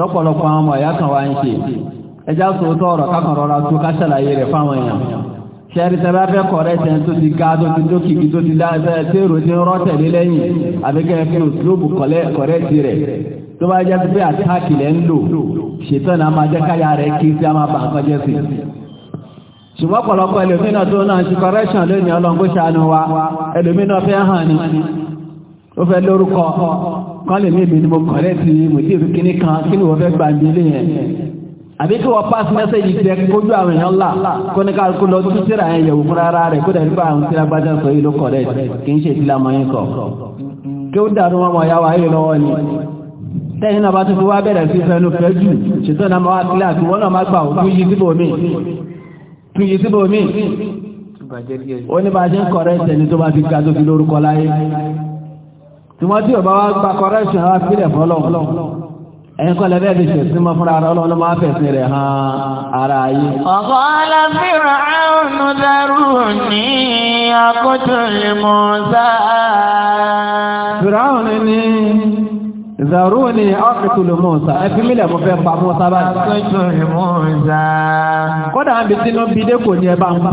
tọ́pọ̀lọpọ̀ àwọn ọmọ ìyá kan wá ń ṣe ẹjá sòótọ́ ọ̀rọ̀ kákan rọra tó ká ṣàlàyé rẹ̀ fáwọn èèyàn ṣẹ́rí tẹ́lá fẹ́ kọ̀rẹ́ tẹ́ tó ti ga tó ti dókìkì tó ti dáadáa tí èrò ti rọ́ tẹ̀lé lẹ́yìn àbíkẹ́ fi òṣùlùbù kọ̀rẹ́ ti rẹ̀ tó bá jẹ́ pé àtàkì lẹ́ ń lò ṣètò náà máa jẹ́ káyà rẹ̀ kí sí a máa nǹkan jẹ́ sí ṣùgbọ́n pọ̀lọpọ̀ ẹlòmínà tó náà ṣe kọ̀rẹ́ṣàn lónìí ọlọ́ngbóṣàánú wa ẹlòmínà fẹ́ hàn ni ó fẹ́ lórúkọ kán lè ní èmi ni mo kọ̀rẹ́ ti mùdí ìlú kíní kan kí ni wọ́n fẹ́ gbà ní ilé yẹn àbí kí wọ́n pass message tẹ kójú àwọn èèyàn ńlá kó ní káàkó lọ tún síra yẹn yẹ̀wò fúnra ara rẹ̀ kó dàbí bá àwọn tí lágbájá sọ yìí ló kọ̀rẹ́ kì í ṣe ìdílé àmọ́ yẹn kọ̀ kí ó dàrú wọn mọ̀ yàwó ayé lọ́wọ́ ni tẹ́yìn náà bá tó fi wá bẹ̀rẹ̀ sí fẹ́nu fẹ́ jù ṣètò náà máa kílẹ̀ àti wọ́n náà máa gbà ó tún yí síbò mí tún yí síbò mí ó ní bá ṣe ń kọ̀rẹ́ tẹ̀lé tó bá fi ga tó fi lórúkọ láyé tìmọ́tí ọba wá gba correction wá sílẹ̀ fọ́lọ́n ẹ̀yìn kọ́ lẹ́bẹ̀ẹ́ bí ṣe símọ́ fúnra ara ọlọ́run máa fẹ̀sìn rẹ̀ hàn ara ayé. ọ̀kọ́ Zaruni ọ́kìtùlù Mùsà, ẹ fi mílẹ̀ mo fẹ́ pa Mùsà báyìí. Ọ́kìtùlù Mùsà. Kọ́dà ń bi sínú bí dẹ́kò ní ẹbá ń pa.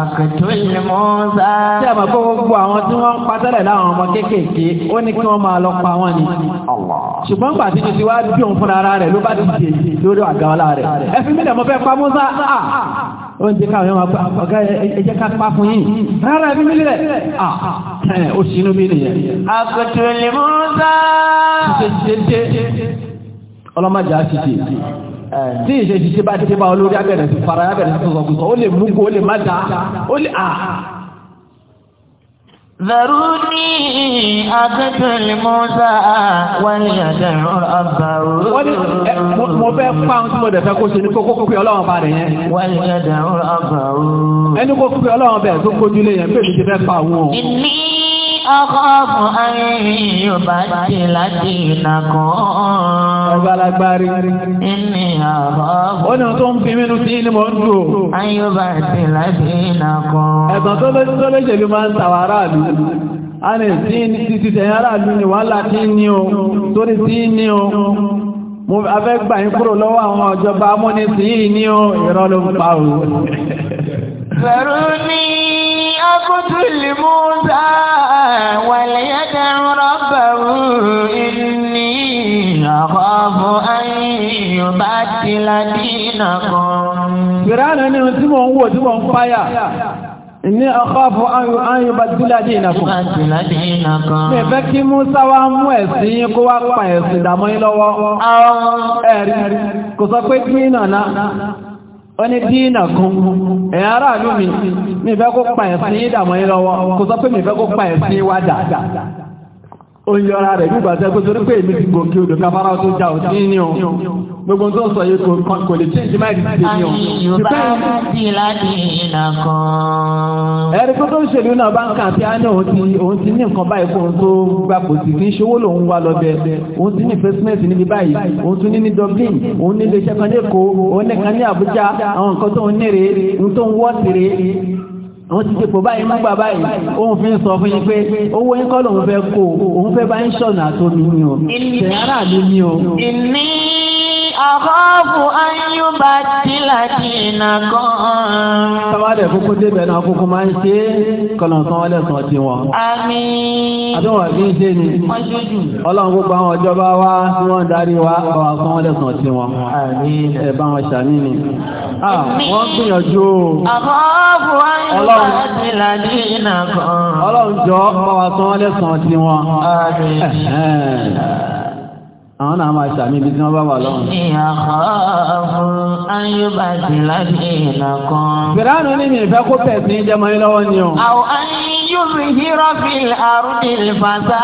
Ọ́kìtùlù Mùsà. Tí a máa kó gbogbo àwọn tí wọ́n ń pa tẹ́lẹ̀ láwọn ọmọ kéékèèké, ó ní kí wọ́n máa lọ pa wọ́n ni. Ṣùgbọ́n gbà tí ti wá bí fúnra rẹ̀ ló bá ti dè lórí àga ọlá rẹ̀. Ẹ fi mílẹ̀ mo fẹ́ pa Mùsà ó ń jẹ́ káwọn yẹn wá pé ọ̀gá ẹjẹ́ ká pa fún yìí rárá ẹbí mi lẹ̀ ó ṣinú mi nìyẹn. àkùtù lè mú sá. ṣíṣe ṣíṣe ọlọ́mọdé á ṣíṣe tí ìṣe ṣíṣe bá ti bá olórí abẹ́rẹ́ fara abẹ́rẹ́ ti ó lè mú kó lè má dáa ó lè à. ذروني أقتل موسى وليدع ربه mo fẹ́ pa ohun tí mo dẹ̀ fẹ́ kó ṣe ní kókó kó pe ọlọ́run ba rẹ̀ yẹn. وليدع ربه. ẹni kó pe ọlọ́run bẹ̀ tó kójú lé yẹn bẹ́ẹ̀ mi ti fẹ́ pa òun o akọ́fù ayé yorùbá ti láti nàkọ́. ọba alágbárí. ìní akọ́fù. ó ní tó ń fi mímú sí ni mò ń dùn o. ayọ̀bá ti láti nàkọ́. ẹ̀sán tó lè jẹ̀bi máa ń tàwa aráàlú a lè sí ti ti tẹ̀yìn aráàlú ni wàhálà tí ń ní o torí tí ń ní o mo afẹ́ gbà yín kúrò lọ́wọ́ àwọn ìjọba amúnisìn yìí ní o ìrọ́lùpàá o. pẹ̀lú ní أقتل موسى وليدع ربه إني أخاف أن يبدل دينكم Fìránà ni tí mò ń wò tí mò ń fáyà, ní ọkọ̀ọ̀fọ́ ayùn bá dúládé ìnàkùn. Ní ẹ̀fẹ́ kí Músa wá mú ẹ̀sìn yín kó wá pa ẹ̀sìn ìdàmọ́ yín lọ́wọ́. Ẹ̀rí kò sọ pé kí náà náà ó ní dínà kún ẹ̀yà ara àlú mi mi fẹ́ kó pa ẹ̀sìn ìdàmọ́ yín lọ́wọ́ kò sọ pé mi fẹ́ kó pa ẹ̀sìn wádà ó ń yọra rẹ̀ nígbà tẹ́ kó torí pé èmi ti gòkè odò káfárá tó já ò sí ní o gbogbo tó sọ yìí kò lè change mind ti ní o. yorùbá ti láti ìlà kan. ẹ̀rí kó tó ń ṣèlú náà bá ń kà sí àná òun ti òun ti ní nǹkan báyìí fún òun tó gba kò sì ní ṣòwò lòun wà lọ́bẹ̀ òun ti ní investment níbi báyìí òun tún ní ní Dublin òun ní iléeṣẹ́ kan ní Èkó òun nìkan ní Àbújá àwọn nǹkan tó ń nírè wọ́n ti dìpò báyìí mú gbà báyìí òun fi ń sọ fún yín pé owó yín kọ́ lòun fẹ́ kó òun fẹ́ bá ń ṣọ̀nà àtòmí ni o tẹ̀yàrá mi ni o. ìní àkọ́fù ayúbá tílà dínà kan. Sábàdẹ̀ kúkú débẹ̀ náà kúkú máa ń ṣe kọlọ̀kan wọlé kan ti wọn. Àmín. Àbí wọn kì ṣe ni. Wọ́n ṣojú. Ọlọ́run gbogbo àwọn ọjọ́ba wa tí wọ́n ń darí wa ọ̀wà kan wọlé kan ti wọn. Àmín. Ẹ bá wọn ṣàmì ni. Wọ́n gbìyànjú o. Àkọ́fù ayúbá tílà dínà kan. Ọlọ́run jọ ọ̀wà kan wọlé àwọn náà máa ṣàmì ibi tí wọ́n bá wà lọ́rùn. Fìránù ní ní ìfẹ́ kó pẹ̀ sí jẹmọ ní lọ́wọ́ ni o. Àwọn ayé yóò fi hírọ́ fi àrùn ìlfàṣà.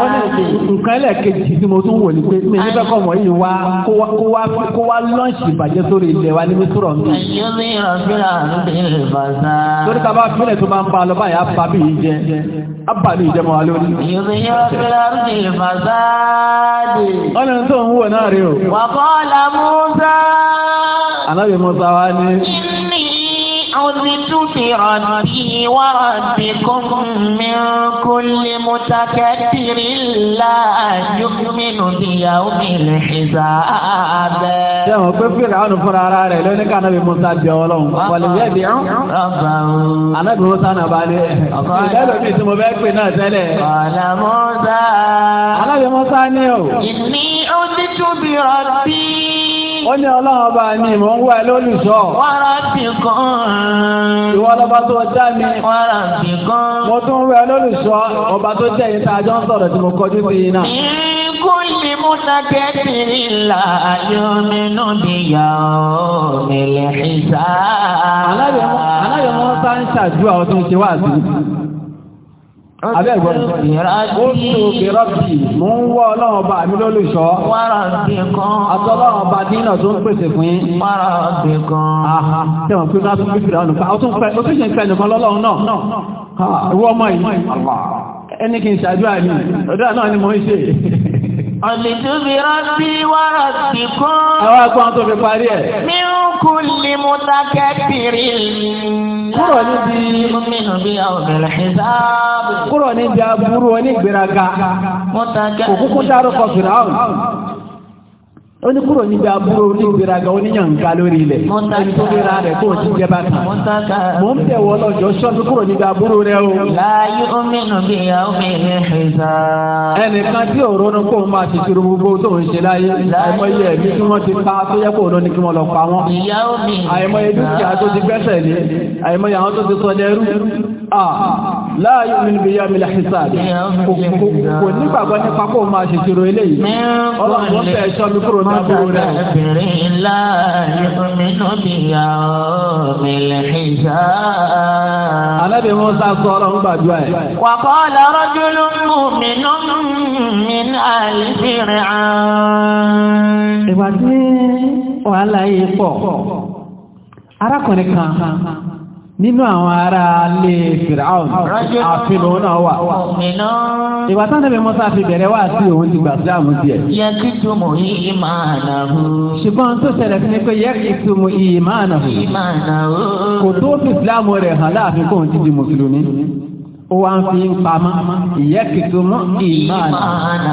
Wọ́n lè ṣe nǹkan ẹlẹ́ẹ̀kejì tí mo tún wò ní pé mi ní fẹ́ kọ́ mọ̀ yìí wá kó wá lọ́ọ̀ṣì ìbàjẹ́ sórí ilẹ̀ wa ní mísúrọ̀ mi. torí ta bá fílẹ̀ tó máa ń pa lọ báyìí á bá bí jẹ á bà mí ìjẹmọ́ wa lórí. ọ̀nà tó ń wò náà rí o. wàkọ́ làmúzá. anábì musa wa عذت بربي وربكم من كل متكبر لا يؤمن بيوم الحساب sẹ́wọ̀n pé fèrè fúnra ara rẹ̀ lónìí ká anábì musa jẹ ọlọ́run wàlẹ̀ yẹ bí ọ́n anábì musa náà bá lé ìdálò mi tí mo bẹ́ pè náà tẹ́lẹ̀. anábì musa ní o. ìní ó ti tún bí ó ní ọlọ́run bá ní mò ń wá ẹ lólùṣọ́. wàrà bì kan. ìwọ lọba tó dá mi. wàrà bì kan. mo tún ń wá ẹ lólùṣọ́ ọba tó jẹ́ yìí tá a jọ ń sọ̀rọ̀ tí mo kọjú sí yìí náà. Kúlì mútàkẹ́sìrì là yóò nínú Abẹ́ ìgbọ́dọ̀ ó sùn bí rọ́bì mú ń wọ́ ọlọ́run ọba mi lólùṣọ́. Wàrà bí kan. Àtọ́lọ́run ọba dínà tó ń pèsè fún yín. Wàrà bí kan. Aha tẹ̀wọ̀n pé ká fífi ra ọ̀nà. Ó tún pẹ́ ó tún ṣe nìkan lọ́lọ́run náà. Ìwọ ọmọ yìí. Ẹni kì í ṣàdúrà ni. Ọ̀dọ́ náà ni mo ń ṣe. Ọ̀lẹ́dúnbí rọ́bì wàrà bí kan. Ẹ wá gbọ́n tó fi parí ẹ̀. Mi kulli mutakabbirin. kúrò níbi mímú bí ọ̀bẹ̀rẹ̀ hisab. kúrò níbi aburú onígbéraga. mutakabbirin. òkúkú dárúkọ fìràwọ̀ ó ní kúrò níbi abúrò onígbèraga oníyànká lórí ilẹ̀ ẹni tó ríra rẹ̀ kó ti jẹba kan mò ń bẹ̀ wọ́n lọ́jọ́ ṣọ́ọ́bí kúrò níbi abúrò rẹ̀ o. láyé omínú bí i àwọn èèyàn ṣèṣà. ẹnìkan tí òru ni kò máa ti turu gbogbo tó ń ṣe láyé àìmọye ẹ̀mí tí wọ́n ti pa tó yẹ kó lọ ní kí wọ́n lọ pa wọ́n. àìmọye dúkìá tó ti gbẹ́sẹ̀ lé àìmọye àwọn tó ti sọ dẹrú. láyé omínú bí i àwọn èèyàn ṣèṣà kò nígbàgbọ́ nípa kó máa ṣèṣirò eléyìí ọlọ́run mọ́tàdà bìrì ńlá ìfúnminú bí ya mi lè fi sá. Alábì Musa sọ̀rọ̀ ń gbàdúrà ẹ̀. Wa qala rajulun mu'minun min ali Fir'aun. Ìgbà tí wàhálà yìí pọ̀, arákùnrin kan nínú àwọn ará lè fìràún àfihàn náà wà. ìwà tán lẹ́bẹ̀ẹ́ mọ́sá fi bẹ̀rẹ̀ wá sí òun ti gbà síláàmù díẹ̀. yẹ kí túmù yìí máa nà hù. ṣùgbọ́n tó ṣẹlẹ̀ sí ni pé yẹ kí túmù yìí máa nà hù. kò tó fi síláàmù rẹ̀ hàn láàfin kóhun ti di mùsùlùmí ó wá ń fi ń pamọ́ ìyẹ́kìtúmọ́ ìmáàna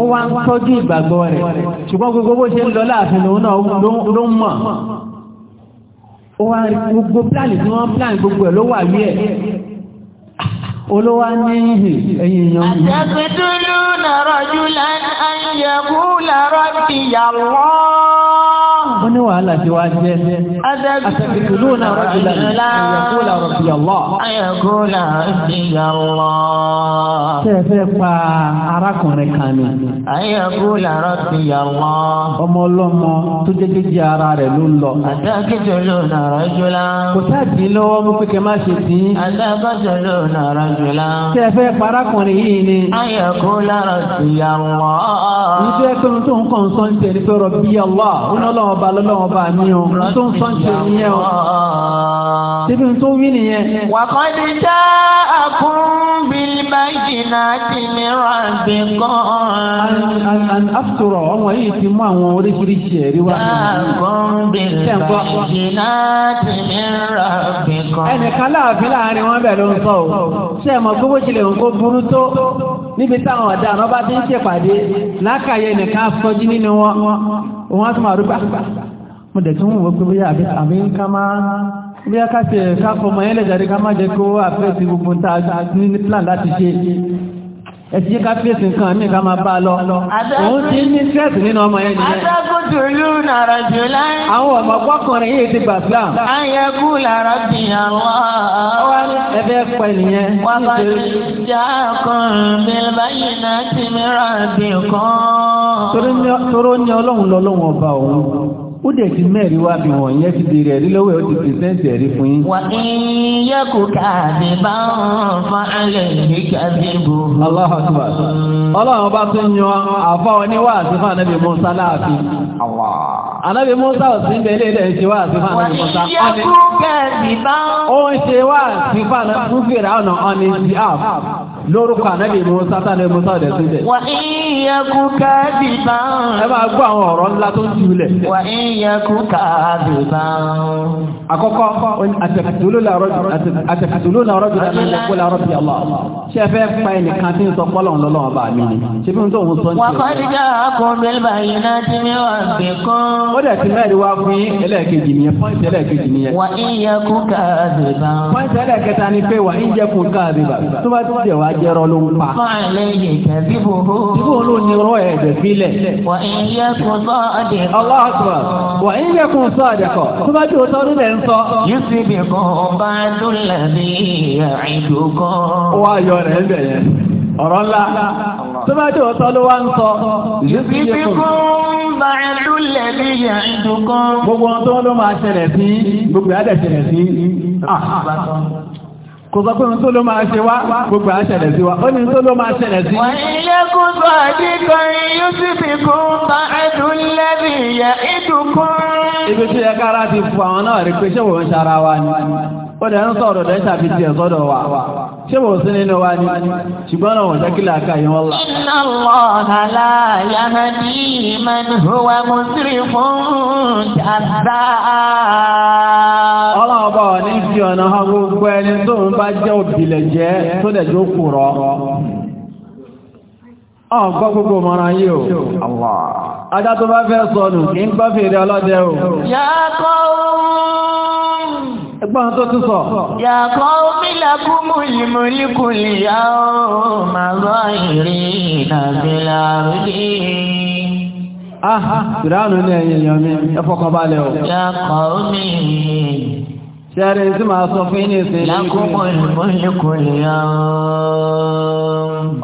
ó wá ń tọ́jú ìgbàgbọ́ rẹ̀ ṣùgbọ́n gbogbo bó ṣe ń lọ láàfin ó wá rí gbogbo pláàlì tí wọ́n pláàlì gbogbo ẹ̀ ló wà ní ẹ̀ olówá ní ẹ̀yìn èèyàn yìí. àtẹ̀sídúlù nàrọ̀jú lẹ́nu ayẹ̀kú làrọ̀ ti ní wàhálà tí wàá jẹ́ àtẹ̀kùtù náà rọ́bìlà àyàkúlà rọ̀bì ọ̀lọ́. àyàkúlà rọ̀bì ọ̀lọ́. tẹ́ẹ̀fẹ́ pa arákùnrin kan ni. àyàkúlà rọ̀bì ọ̀lọ́. ọmọ ọlọ́mọ tó jẹ́jẹ́jẹ́ ara rẹ̀ ló ń lọ. àtẹ̀kùtù náà rọ̀jùlá. kò sáàdì lọ́wọ́ mú pé kẹ má ṣe sí. àtẹ̀kùtù náà rọ̀jùlá. tẹ́ẹ̀fẹ́ pa arákùnrin yìí ni. àyàkúlà rọ̀bì ọ̀lọ́ ọlọ́run bá mi o tó ń sọ ṣe nìyẹn o síbi tó wí nìyẹn. wà á kọ́ ní já àkúnbíl ti ní ràbí kan. àtúrọ̀ ọmọ yìí ti mú àwọn oríṣiríṣi ẹ̀rí wá. àkúnbíl bájìnà ti ní ràbí kan. ẹnìkan láàfin láàrin wọn bẹ̀ ló ń sọ o ṣé ẹ mọ̀ gbogbo ṣẹlẹ̀ nǹkó burú tó níbi táwọn ọ̀daràn bá ti ń ṣèpàdé lákàyè nìkan afọ́jú nínú wọn òun tún máa rúgbà mo dẹ̀ tún wọ́n pé bóyá àbí ká máa bóyá ká ṣe ká fọmọ yẹn lẹ́jàrí ká má jẹ́ kó àfẹ́sì gbogbo ta ní ní plan láti ṣe ẹ̀sì ká fèsì nǹkan mí ká máa bá lọ òun ti ní stress nínú ọmọ yẹn nìyẹn. adágójú ìlú nàrà jùlá. àwọn ọmọ gbọ́kànrin yìí ti gbà flam. ayẹkú làrá bì àwọn. ẹbẹ́ pẹ́ nìyẹn. wà á bá jà náà ti mìíràn bì kan ó dẹ̀ ti mẹ́rin wá fi wọ̀n yẹn ti bèrè ẹ̀rí lọ́wọ́ ẹ̀ ó ti pèsèǹtì ẹ̀rí fún yín. wà á yẹ kó káàdì bá ń fa ẹlẹ́ ní káàdì bò. Allahu Akbar ọlọ́run bá tún yan àfọ́ oníwà àti fún anábì Musa láàfin. anábì Musa ò sí bẹ́ẹ̀ lẹ́ẹ̀ ṣe wá àti fún anábì Musa. wà á yẹ kó káàdì bá ń. ó ń ṣe wá àti fún anábì Musa ọ̀nà ọ̀nà ìjì lórúkọ ànábì musa tánà musa ọ̀dẹ̀ sílẹ̀. wà á yẹ kú káàdì bán. ẹ máa gbọ́ àwọn ọ̀rọ̀ ńlá tó ń túlẹ̀. wà á yẹ kú káàdì bán. àkọ́kọ́ àtẹ̀kùtùlù náà rọ́jò náà lè kó la rọ́bì ọlọ́. ṣé ẹ fẹ́ pa ẹnìkan tí ń sọ pọ́lọ̀ ńlọ́lọ́ ọba mi ni. ṣé bí n tó ń sọ ní. wà á kọ́díjà kó bẹ́ẹ̀lbà yìí náà ti mi wà gbé kán. ó dẹ̀ ti mẹ́rin wá fún yín ẹlẹ́ẹ̀kejì nìyẹn pọ́ìntì ẹlẹ́ẹ̀kejì nìyẹn. wà á yẹ kú káàdì bán. pọ́ìntì ẹlẹ́ẹ̀kẹta ni pé wà á yẹ kú káàdì bán. tó bá ti jẹ wá jẹ́ rọ ló ń pa. Bíbò ló ní rọ ẹ̀jẹ̀ sílẹ̀. Wà ń yẹ kun sọ ọdẹ. Allahu akbar. Wà ń yẹ kun sọ ọdẹ kọ. Tó bá jẹ́ òótọ́ nílẹ̀ ń sọ. Yóò sì bẹ̀ kọ́ ọba tó lẹ́bí àìdókọ́. Ó wá yọ rẹ̀ ń bẹ̀rẹ̀. Ọ̀rọ̀ ńlá. Tó bá jẹ́ òótọ́ ló wá ń sọ. Yóò sì bẹ̀ kọ́ Gbogbo ọ̀tọ́ ló máa ṣẹlẹ̀ sí, gbogbo ìyá kò sọ pé tó ló máa ṣe wá gbogbo àṣẹlẹ̀ sí wa ó ní tó ló máa ṣẹlẹ̀ sí. wọ́n ilé kó sọ àdìgbò yóò kún bá ẹ̀dùn lẹ́bí ìyá ìdùnkún. ibi tí ẹkára ti fún àwọn náà rí pé ṣé wò ń ṣara wa ni ó dẹ̀ ń sọ̀rọ̀ dẹ̀ ṣàfihàn tiẹ̀ sọ́dọ̀ wa ṣé wò sí nínú wa ni ṣùgbọ́n náà wọ́n ṣẹ́kí làákà yìí wọ́n là. iná lọ àlá man huwa musrifun jàdá. ọlọ́run bọ̀ ní ti ọ̀nà gbogbo wá jẹ́ òbílẹ̀ jẹ́ tó dẹ̀ jó kùrọ̀ ọ̀n gbọ́ gbogbo mọ́ra yìí o ajá tó bá fẹ́ sọnù kí ń gbọ́ fèrè ọlọ́dẹ o yàkọ́ ẹgbọ́n tó tún sọ ah, yàkọ́ ṣẹ́rin tí máa sọ fún ní ìsìn lákòókò ìmọ̀lẹ́kò ìyàn.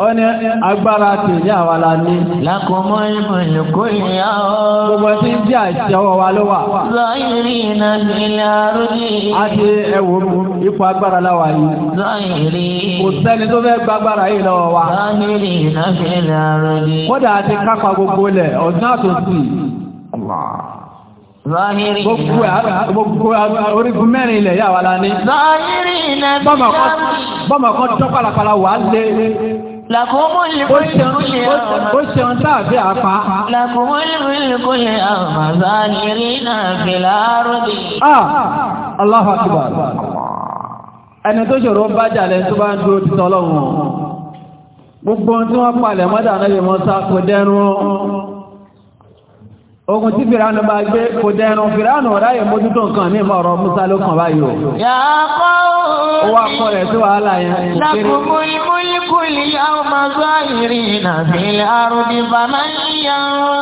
ó ní agbára tì ní àwa la ní. lákòókò ìmọ̀lẹ́kò ìyàn. gbogbo tí ń jẹ́ àṣẹ ọwọ́ wa ló wà. zọ́ọ̀yìnrì náà ní ilẹ̀ arúgbó. a ti ẹ̀wò ipò agbára láwa yìí. zọ́ọ̀yìnrì. kò sẹ́ni tó fẹ́ gbàgbára yìí lọ́wọ́ wa. zọ́ọ̀yìnrì náà ní ilẹ̀ arúgbó. kódà a ti kápá gbogbo lẹ̀ ọ̀dún Zahiri na. Gbogbo orígun mẹ́rin ilẹ̀ yà wà láni. Zahiri na bí yá mi. Bọ́mọ̀ kan tọ́ pàlàpàlà wà lé. Làkúmú ìlúkú lè àmà. Ó ṣeun tàbí àpá. Làkúmú ìlúkú lè àmà. Zahiri na fi láàrú bí. Allahu akbar. Ẹni tó ṣòro bá jàlẹ̀ tó bá ń dúró ti tọ́lọ́run. Gbogbo ohun tí wọ́n palẹ̀ mọ́dà náà yẹ mọ́ sá kò dẹrùn ogun tí fìránù bá gbé kò dẹrùn fìránù ráyè mójútó nǹkan ní ìmọ̀ ọ̀rọ̀ musa ló kàn báyìí o. yàákọ́ ó wá kọ́ rẹ̀ sí wàhálà yẹn. lákòókò ìmúlíkùlì yàwó máa sọ àyèrè nàbílẹ̀ àrùbí bàmá ìyàwó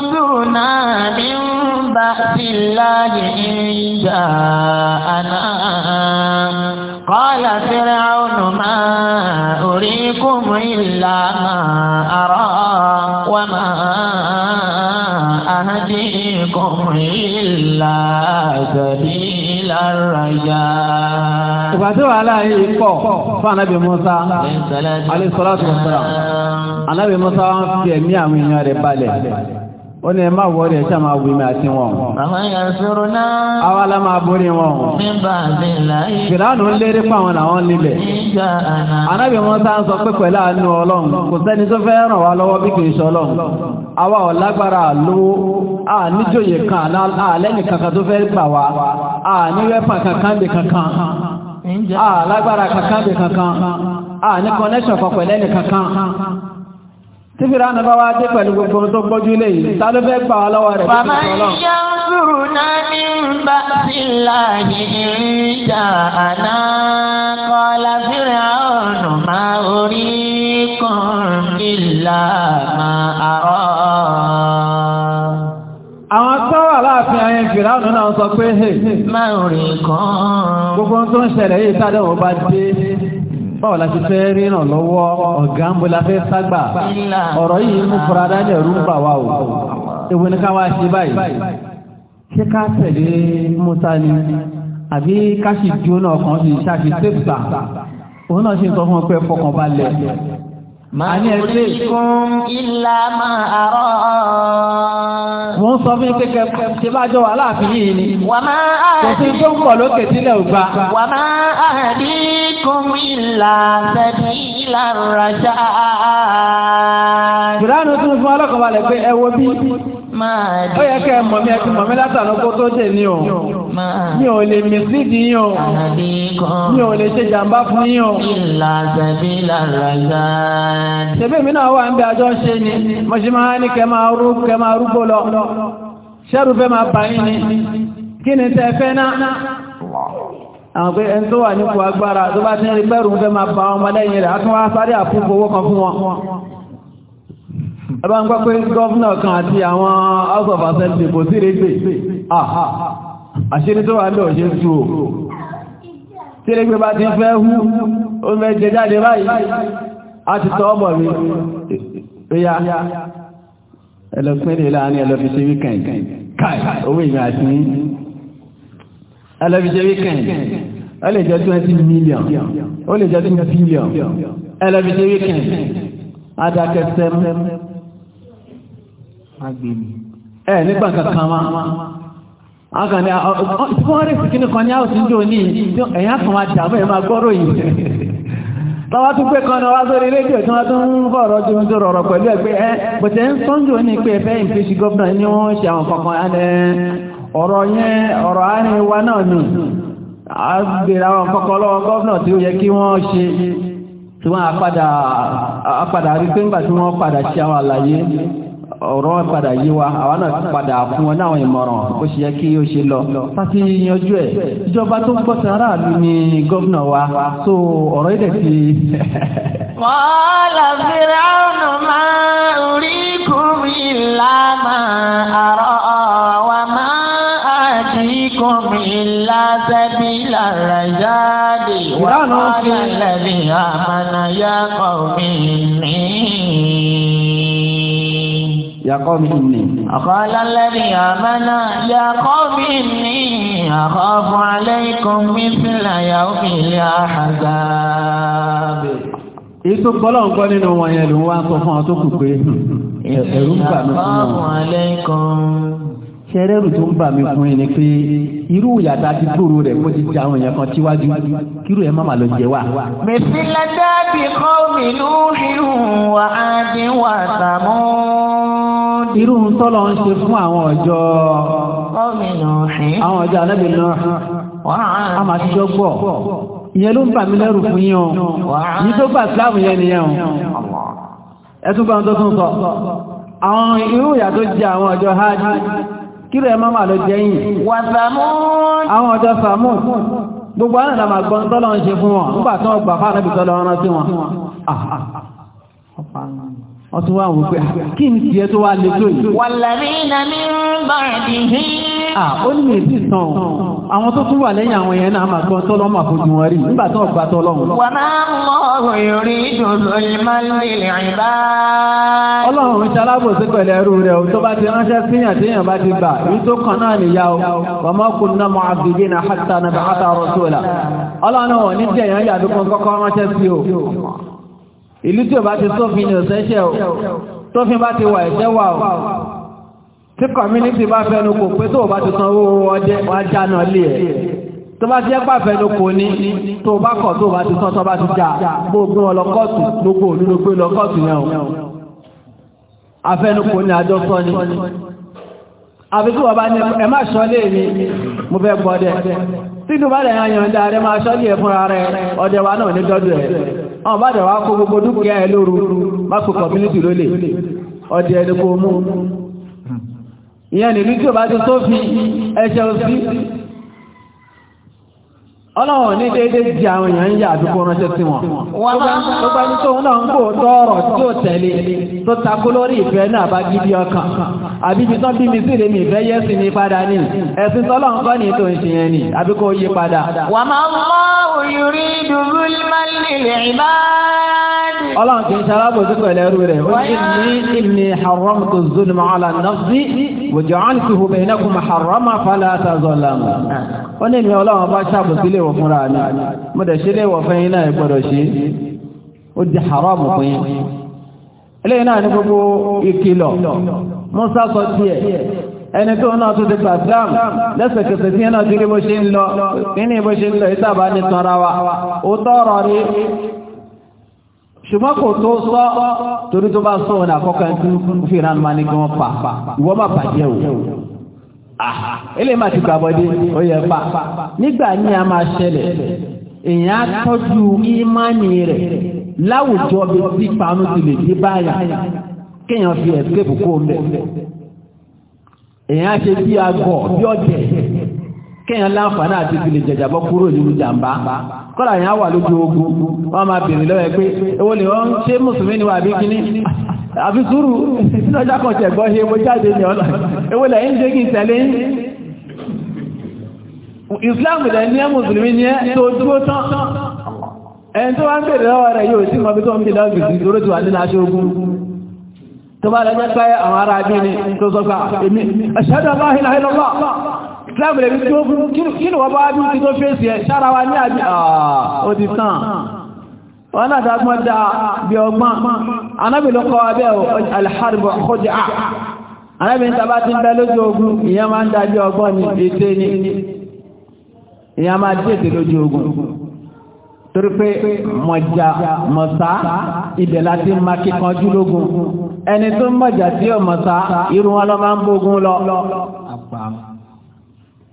أهديكم إلا سبيل الرجاء ìgbà tí wàhálà yìí pọ̀ fún anábì musa alayhi salatu wa salam anábì musa wọn fi ẹ̀mí àwọn èèyàn rẹ̀ balẹ̀ ó ní ẹ máa wọ́rí ẹ̀ máa wí mi àti wọn. àwọn èèyàn sọ̀rọ̀ náà. àwa la máa borí wọn. nígbà mi láyé. fìlànà ń lérí pa àwọn làwọn nílẹ̀. nígbà àná. anábì wọn sá ń sọ pé pẹ̀lú àánú ọlọ́run kò sẹ́ni tó fẹ́ ràn wá lọ́wọ́ bí kì í ṣe ọlọ́run. àwa ò lágbára lówó a níjòyè kan àlẹ́nì kankan tó fẹ́ gbà wá a ní wẹ́pà kankan lè kankan a lágbára kankan lè kankan a ní kọ́nẹ́ṣọ̀ pọ̀ pẹ̀lẹ́nì kankan tí fìránà bá wá dé pẹ̀lú gbogbo tó gbọ́jú lè yìí ta fẹ́ gbà wá rẹ̀ fún ìtọ́lọ́ àwọn láàfin ayé fìránà náà sọ pé hey gbogbo tó ń ṣẹlẹ̀ yìí tádẹ̀wò bá dé báwo la ṣe fẹ́ rí ràn lọ́wọ́ ọ̀gá ń bọ́lá fẹ́ ságbà ọ̀rọ̀ yìí mú fura dání ẹ̀rú ń bà wá o èwo ni ká wá ṣe báyìí ṣé ká tẹ̀lé Musa ni àbí ká sì jóná ọkàn sì ṣáà fi òun náà ṣe ń sọ fún ọ pé Màní ẹgbẹ́ fún ilá máa àárọ̀. Wọ́n sọ fún kékeré ṣe bá jọ wà láàfin yìí ni. Kò sí tó ń pọ̀ lókè sílẹ̀ ògbà. Wà máa àdí kún ilá sẹ́ni ilá ràṣà. Bùránù tún fún ọlọ́kọ̀ọ́balẹ̀ pé ẹ wo bí ó yẹ kẹ́ mọ̀ mí ẹtí mọ̀ mí látàrí ọkọ tó dé ní o mi ò lè mí sí di yín o mi ò lè ṣe jàǹbá fún yín o. ṣebí mi náà wà ń bẹ àjọ ṣe ni mo ṣe máa ní kẹ́ máa rú kẹ́ máa rúgbó lọ ṣẹ́rù fẹ́ máa bà yín ni kí ni tẹ́ fẹ́ náà àwọn pé ẹni tó wà nípò agbára tó bá ti ń rí pẹ́rù fẹ́ máa bà ọmọlẹ́yìn rẹ̀ á tún wá sáré àfúnfowó kan fún wọn ẹbá ń gbọ́ pé gọ́ọ̀fúnà kan àti àwọn house of assembly kò sí rẹ́gbẹ̀ àṣírí tó wà ní òṣè tú o tí rẹ́gbẹ̀ bá ti fẹ́ hú ó mẹ́ jẹ jáde báyìí a ti tọ́ ọmọ mi ríyá ẹlọ́pínlẹ̀ láàrin ẹlọ́fiṣẹ́ wíkẹ̀ǹd káì owó ìrìn àti ní ẹlọ́fiṣẹ́ wíkẹ̀ǹd ó lè jẹ́ 20 million ó lè jẹ́ 2 billion ẹlọ́fiṣẹ́ wíkẹ̀ǹd adákẹ́sẹ́mù ẹ nígbà kankan ah, ah, ah, máa ọkàn ni a ọ nìkan ní àwọn ìjọ ní ẹ̀yà kan máa dàmú ẹ̀ máa gbọ́rọ̀ yìí (laughs) tọ́wọ́ tún pé kan náà wá sórí rédíò tí wọ́n tún ń bọ̀rọ̀ tí ń tó rọ̀rọ̀ pẹ̀lú ẹgbẹ́ ẹ́ bọ̀tẹ̀ ń sọ́njò ní pé ẹ̀fẹ́ ìfẹ́sì gọ́ọ̀nà ní wọ́n ṣe àwọn kankan ọ̀rọ̀ yẹn ọ̀rọ̀ àárín wa náà nù a àwọn kankan lọ́wọ́ gọ́ọ̀nà tí ó yẹ kí wọ́n ọ̀rọ̀ padà yí wa àwa náà padà fún wọn náà ìmọ̀ràn ó ṣe yẹ kí ó ṣe lọ láti yanjú ẹ̀ ìjọba tó ń gbọ́sẹ̀ aráàlú ni gómìnà wa so ọ̀rọ̀ ilẹ̀ ti. mọ́lá (laughs) fìràwọ̀n máa ń rí kùmí wa máa àjíkùn ìlà sẹ́bílà kọ̀ mí nìyí. يا قوم إني قال الذي آمن يا قوم إني أخاف عليكم مثل يوم الأحزاب Ìtò gbọ́lọ̀ ń gbọ́ nínú wọn yẹn ló ń wá sọ fún ọ tó kù pé ẹ̀rù ń bà mí fún wọn. Ṣẹ́rẹ́rù tó ń bà mí fún ẹni pé irú ìyàtà ti gbòòrò rẹ̀ kó ti jẹ àwọn èèyàn kan tíwájú kírú ẹ̀ má má lọ jẹ wá. Mèsì lẹ́dẹ́bì kọ́ mi lóhìn wà á dín wà sàmú irú ń tọ́lọ ń ṣe fún àwọn ọjọ́ àwọn ọjọ́ anábì a máa ti jọ gbọ́ ìyẹn ló ń bà mí lẹ́rù fún yín o yí tó gbà síláàmù yẹn nìyẹn o ẹ̀tún gbọ́n tó tún sọ àwọn irú ìyà tó jẹ àwọn ọjọ́ hajj kí rẹ̀ máa lọ jẹyìn àwọn ọjọ́ sàmù gbogbo àwọn ìlànà àgbọn tọ́lọ ń ṣe fún wọn nígbà tí wọ́n gbà fáànàbì tọ́lọ ọ̀rán wọ́n tún wá wò pé ah, kí n tiẹ̀ tó wá lè tó yìí. wàlàrí iná mi ń à ó ní èsì tán àwọn tó tún wà lẹ́yìn àwọn yẹn náà máa gbọ́n tọ́lọ́ máa fojú wọn rí nígbà tó gbà tọ́lọ́. wà máa ń mọ ọ̀rọ̀ rí dòdò ìbá. ọlọ́run ń ṣalábò sí pẹ̀lú ẹrú rẹ̀ o tó bá ti ránṣẹ́ síyàn téèyàn bá ti gbà èyí tó kàn náà nìyá o wàmọ́ kun náà mọ àbìgé náà hàtà náà bàtà rọ̀ sólà ọlọ́run ò ní ìlú tí ò bá ti sófin ní òṣẹ́ṣẹ́ ò tófin bá ti wà ẹ̀ṣẹ̀ wà ò tí community bá fẹ́nu kò pé tó bá ti san owó ọjà náà lè ẹ̀ tó bá ti ẹ́pà fẹ́nu kò ní tó bá kọ̀ tó bá ti san tó bá ti jà gbogbo ọlọ́kọ́ọ̀tù gbogbo olúgbogbo ọlọ́kọ́ọ̀tù yẹn ò afẹ́nukò ní àjọ sọ ni àfi tí wọ́n bá ní ẹ má ṣọ́lé mi mo fẹ́ gbọ́dẹ̀ tí ìdúbálẹ̀ yẹn yọ̀ǹda rẹ máa ṣọ́lé ẹ̀ fúnra rẹ ọdẹ wa náà ní dọ́dọ̀ ẹ̀ ọmọ bá dẹ̀wà kó gbogbo dúkìá ẹ lóru mákò community lólè ọdí ẹni kó mú ìyẹn nìlú tí ò bá ti tó fi ẹṣẹ́ òsì ọlọ́run ní déédé di àwọn èèyàn ń yà àdúgbò ránṣẹ́ sí wọn. ó bá ní tóun náà ń kó tọ́ọ̀rọ̀ tí ó tẹ̀lé tó takó lórí ìfẹ́ náà bá gidi ọkàn àbí tán bí mi sí lèmi ìfẹ́ yẹ́ sí ní padà ní ẹ̀sìn tọ́lọ́ ní tó ń ṣe yẹn ni àbí kó yí padà. wàmọ́ mọ́ òyìnbí dùbúlì máa ń lè ọlọ́run kì í ṣe alábòsí pẹ̀lú ẹrú rẹ̀ ó ní inni haramtu zulma ala nafsi wa ja'altuhu bainakum harama fala tazalamu ó ní mi ọlọ́run bá ṣàbòsí léwọ̀ fúnra mi mo dẹ̀ ṣe léwọ̀ fún yín náà ẹ gbọ́dọ̀ ṣe ó di haram fún yín eléyìí náà ní gbogbo ìkìlọ̀ Musa sọ tiẹ̀ ẹni tó náà tó ti gbà islam lẹ́sẹ̀kẹsẹ̀ tí ẹ náà ti rí bó ṣe ń lọ nínú ìbó ṣe ń lọ ìtàbá ní tanra wa ó tọ́rọ rí ṣùgbọ́n kò tó sọ torí tó bá sọ ọ̀nà àkọ́kọ́ ẹ̀kú fìràn máa ní kí wọ́n pa ìwọ́n má bàjẹ́ o ilé ah, máa ti gbàbọ́dé ó yẹ pa nígbà ní a máa ṣẹlẹ̀ èèyàn á tọ́jú ìmánì rẹ̀ láwùjọ bí tí panu ti lè dé báyà kéèyàn fi ẹ̀skéèpù kó ń bẹ̀ èèyàn á ṣe bí agọ̀ bí ọ̀jẹ̀ kéèyàn láǹfààní àti ti jẹjàbọ́ kúrò nínú jàǹbá kọ́lá yẹn á wà lójú ogun wọ́n máa bèèrè lọ́wọ́ pé ewó lè wọ́n ṣe mùsùlùmí ni wà bí kíní àfi sùúrù ìsìnàjá kan tẹ̀gbọ́ ṣe mo jáde ní kí Islam lẹ̀ ní ẹ́ mùsùlùmí ní ẹ́ tó dúró tán ẹni tó wá ń bèèrè lọ́wọ́ rẹ̀ yóò sí mọ́bí tó ń bí lọ́gbì sí oró ti wà nínú aṣọ ogun tó bá lẹ́jẹ́ pé àwọn ará bí ni tó sọ èmi ashhadu an la islam rẹ̀ bí tó fún kí ni wọ́n bá bí kí tó fèsì ẹ̀ ṣára wa ní àbí ah, ó wọ́n náà dágbọ́n dá bí ọgbọ́n anábìlọ́kọ́ abẹ́ alharbo kọjá arábìnrin tàbá ti ń bẹ lójú ogun ìyẹn máa ń dájú ọgbọ́n ní ètè ní ìyẹn máa dìde lójú ogun torí pé mọ̀jà mọ̀sá ibẹ̀ láti ma ẹni tó mọ̀jà tí ó mọ̀sá irun wọn lọ máa ń bógun lọ.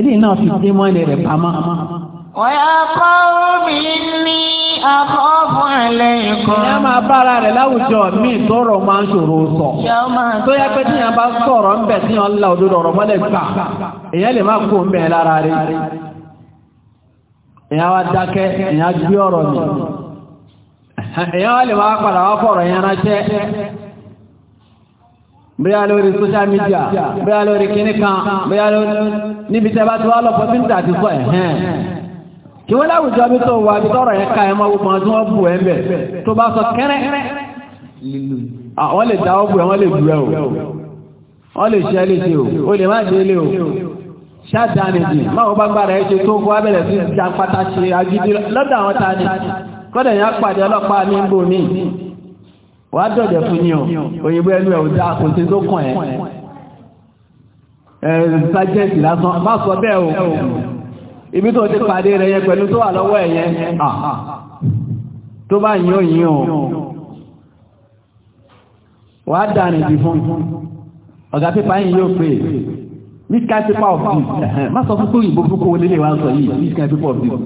ilé náà fi dé mọ́ni rẹ̀ pamọ́. mi ní ìyá máa bára rẹ̀ láwùjọ tọrọ máa ń ṣòro sọ. tó pé bá sọ̀rọ̀ ń bẹ̀ òdodo ọ̀rọ̀ mọ́lẹ̀ gbà lè má kó ń bẹ̀ lára dákẹ́ gbé ọ̀rọ̀ mi. wa lè má padà wá fọ̀rọ̀ yẹn bóyá lórí social media bóyá lórí kíní kan bóyá lórí níbi tẹ́ bá ti wá lọ́pọ̀ tí ń tà ti sọ ẹ̀ hẹ́n kí wọ́n láwùjọ bí tó wà bí tọ́rọ̀ yẹn ká ẹmọ gbogbo ọdún wọ́n bù ẹ́ ń bẹ̀ tó bá sọ kẹ́rẹ́ àwọn lè dáwọ́ bù ẹ́ wọ́n lè bù ẹ́ o wọ́n lè ṣe lè ṣe o o lè má ṣe lè o ṣáàdánìjì wà á dọ̀jẹ̀ fún ní o òyìnbó ẹlú ẹ̀ ò dá kò sí tó kàn ẹ́ ẹ̀ sájẹ́ǹtì lásán má sọ bẹ́ẹ̀ o ibi tó ti pàdé rẹ̀ yẹn pẹ̀lú tó wà lọ́wọ́ ẹ̀ yẹn tó bá yín ò o wà á dà nìdí fún ọ̀gá pípa yín yóò pè which kind of people of this má sọ fún pé òyìnbó fún kó wọlé wá sọ yìí which kind of people of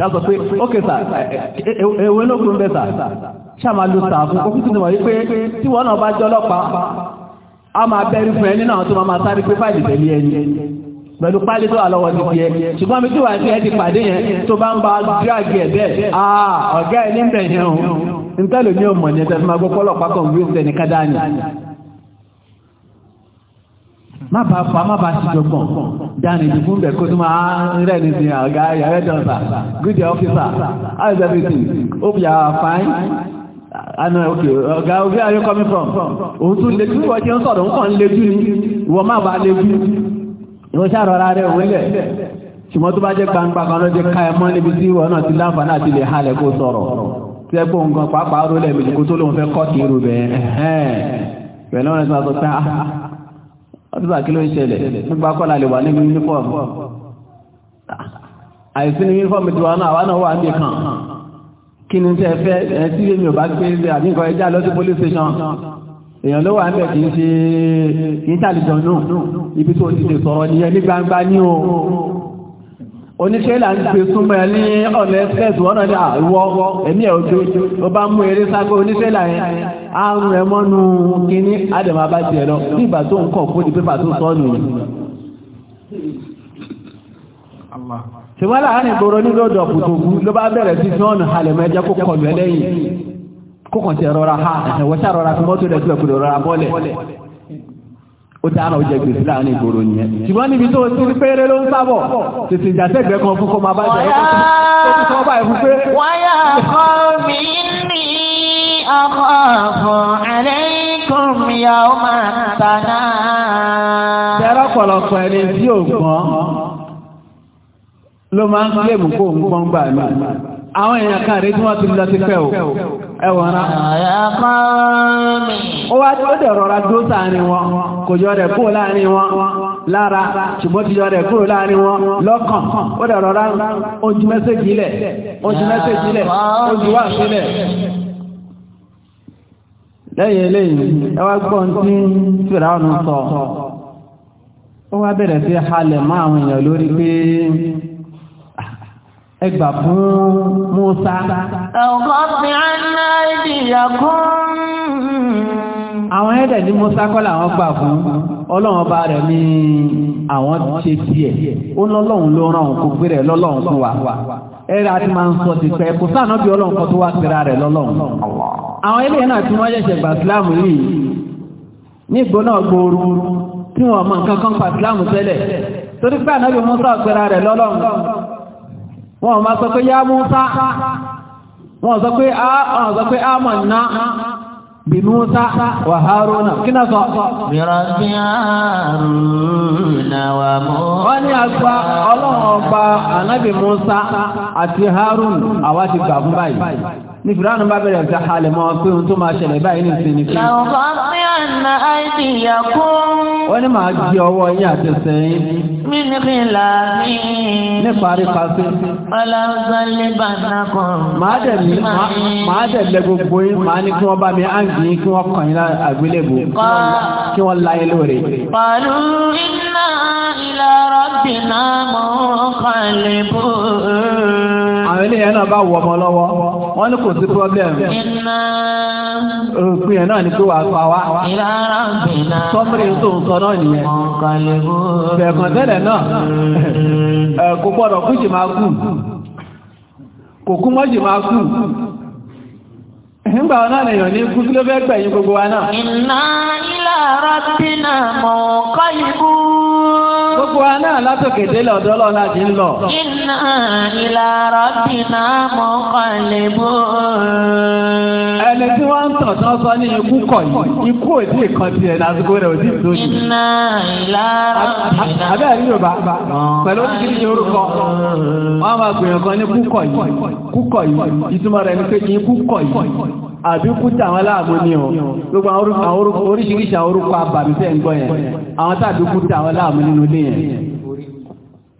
láti sọ pé ókè sà èwe ló kún bẹ́ẹ̀ sà ṣàmà lu sà fún kókó tó ti wọ̀ yí pé tí wọ́n náà bá jọ ọlọ́pàá a máa bẹ́rí fún ẹ nínú àwọn tó máa sáré pé fáìlì tẹ̀lé ẹni pẹ̀lú pálí tó àlọ́wọ́ ti jẹ ṣùgbọ́n mi tí wà ní ẹ̀dì pàdé yẹn tó bá ń bá dírágì ẹ̀ bẹ́ẹ̀ àà ọ̀gá ẹ̀ níbẹ̀ yẹn o ń tẹ́lò ní ọmọ ní ẹ̀tẹ́ fún agbókọ́lọ́pàá kan wíwọ́n tẹ̀ní kádàáyìn má bàa fa má bàa ṣìjọgbọ̀n dáni ìdìbò ń bẹ̀ kó tó máa rẹ̀ ní how is everything hope fine ana ah, ọ̀gá where are you from tún wọ́n ti ń sọ̀rọ̀ ń kàn ń má bàa lejú ìwọ ṣàrọ̀ra rẹ̀ òun lẹ̀ ṣùgbọ́n tó bá jẹ́ gbangba kan lọ́jọ́ ká ẹ mọ́ níbi tí náà ti láǹfààní àti halẹ̀ ọdún bá kí ló ń ṣẹlẹ̀ nígbà kọ́lá lè wà nínú yúnífọ́ọ̀mù àìsí ní yúnífọ́ọ̀mù tí wà náà wà náà wà ní kan kí ni tẹ́ fẹ́ ẹ̀tí èmi ò bá gbé ilẹ̀ àbíkọ ẹjá lọ sí police station èèyàn ló wà ń bẹ̀ kì í ṣe kì í ṣàlìjọ náà ibi o oníṣẹ́ là ń gbé súnmọ́ ẹ ní ọ̀nà express wọ́n ní àwọ̀ ẹ̀mí ẹ̀ ojú ó bá mú eré sáko oníṣẹ́ là yẹn àrùn ẹ̀ mọ́nu kínní àdèmà bá tiẹ̀ lọ ìgbà tó ń kọ̀ kó di pépà tó sọ nù. ṣùgbọ́n láàárín ìgboro nílò dọ̀pù ó ti àná òjẹ gbèsè láàrin ìgboro nìyẹn ṣùgbọ́n níbi tó ti rí péré ló ń sábọ̀ tètè ìjàsẹ́gbẹ́ kan fún kó máa bá jẹ́ ó ti sọ báyìí fún pé. wáyà kọ́ mi ní ọkọ̀ alaykum yawma tana. tẹ́rọ pọ̀lọpọ̀ ẹni tí ò gbọ́n ló máa ń gbé mú kó ń gbọ́n gbà náà. àwọn èèyàn kan rí tí wọ́n ti lọ ti fẹ́ o ẹwọ̀n rá wá tí ó dẹ̀ rọra sáàrin wọn kò rẹ̀ kúrò láàrin wọn lára ṣùgbọ́n ti rẹ̀ kúrò láàrin wọn lọ́kàn ó dẹ̀ rọra ojú ojú ojú wà sílẹ̀ lẹ́yìn gbọ́n tí sọ ẹgbà fún Musa. ẹ̀kọ́ fi ẹ̀nà ìdíyà kún. àwọn ẹ̀dẹ̀ ní Musa kọ́ làwọn gbà fún ọlọ́run ọba rẹ̀ ní àwọn ṣe tiẹ̀ ó lọ́lọ́run ló ràn kó gbé rẹ̀ lọ́lọ́run fún wa. ẹ̀rẹ́ àti máa ń sọ ti pẹ́ kò sáà bí ọlọ́run kan tó wá síra rẹ̀ lọ́lọ́run. àwọn ilé náà tí wọ́n ṣẹ̀ṣẹ̀ gbà síláàmù yìí nígbóná gbooru tí wọ́n mọ nǹkan kan gbà síláàmù tẹ́lẹ̀ torí pé ànábì wọ́n máa sọ pé yá Musa wọ́n sọ pé àwọn sọ pé àmànà bí Musa wà Haruna kí náà sọ mìírànbí Haruna wà Musa wọ́n ní àgbà ọlọ́run ọba anabi Musa àti Harun àwa ti gbà fún báyìí ní fìránù bá bẹ̀rẹ̀ ọ̀gá halẹ̀ mọ́ pé ohun tó máa ṣẹlẹ̀ báyìí ní ìsinmi kí. wọ́n ní màá jí ọwọ́ yín àti ẹsẹ̀ yín. mi ní fi là mí. ní parípaṣẹ. ọlọ́sọ̀lẹ̀ bàtà dẹ̀ lẹ gbogbo yín màá ní kí wọ́n bá mi áǹgì kí wọ́n kàn yín àgbélébò kí wọ́n la lóore. àwọn ilé yẹn náà bá wọ ọmọ lọ́wọ́. wọ́n ní kò sí problem. òpin ẹ̀ náà ni pé wà á sọ́mìrì tó ń sọ náà nìyẹn. bẹ̀ẹ̀kan tẹ́lẹ̀ náà mm. kò gbọ́dọ̀ kú jì máa kú nígbà wọn náà lèèyàn ní kú kí ló fẹ́ gbẹ̀yìn gbogbo wa náà. iná ilé rabbina munqalibun. gbogbo wa náà látòkè délẹ̀ ọ̀dọ́ lọ láti ń lọ. iná ilé rabbina munqalibun. ẹni tí wọ́n ń tàn tán sọ ní ikú kọ̀ yìí ikú ò tí ì kan tiẹ̀ lásìkò rẹ̀ ò tí ì tó yìí. iná ilé rabbina. abẹ́rẹ́ ní yorùbá pẹ̀lú oríṣiríṣi ní orúkọ wọ́n á máa gbìyànjú kan ní kúkọ̀ yìí kúkọ̀ yìí ìtumọ̀ rẹ̀ ní pé kí n kúkọ̀ yìí. àbíkútà àwọn aláàbò ní ọ̀ gbogbo oríṣiríṣi orúkọ àbàmì tẹ́ yẹn àwọn tàbíkútà àwọn aláàbò nínú ilé yẹn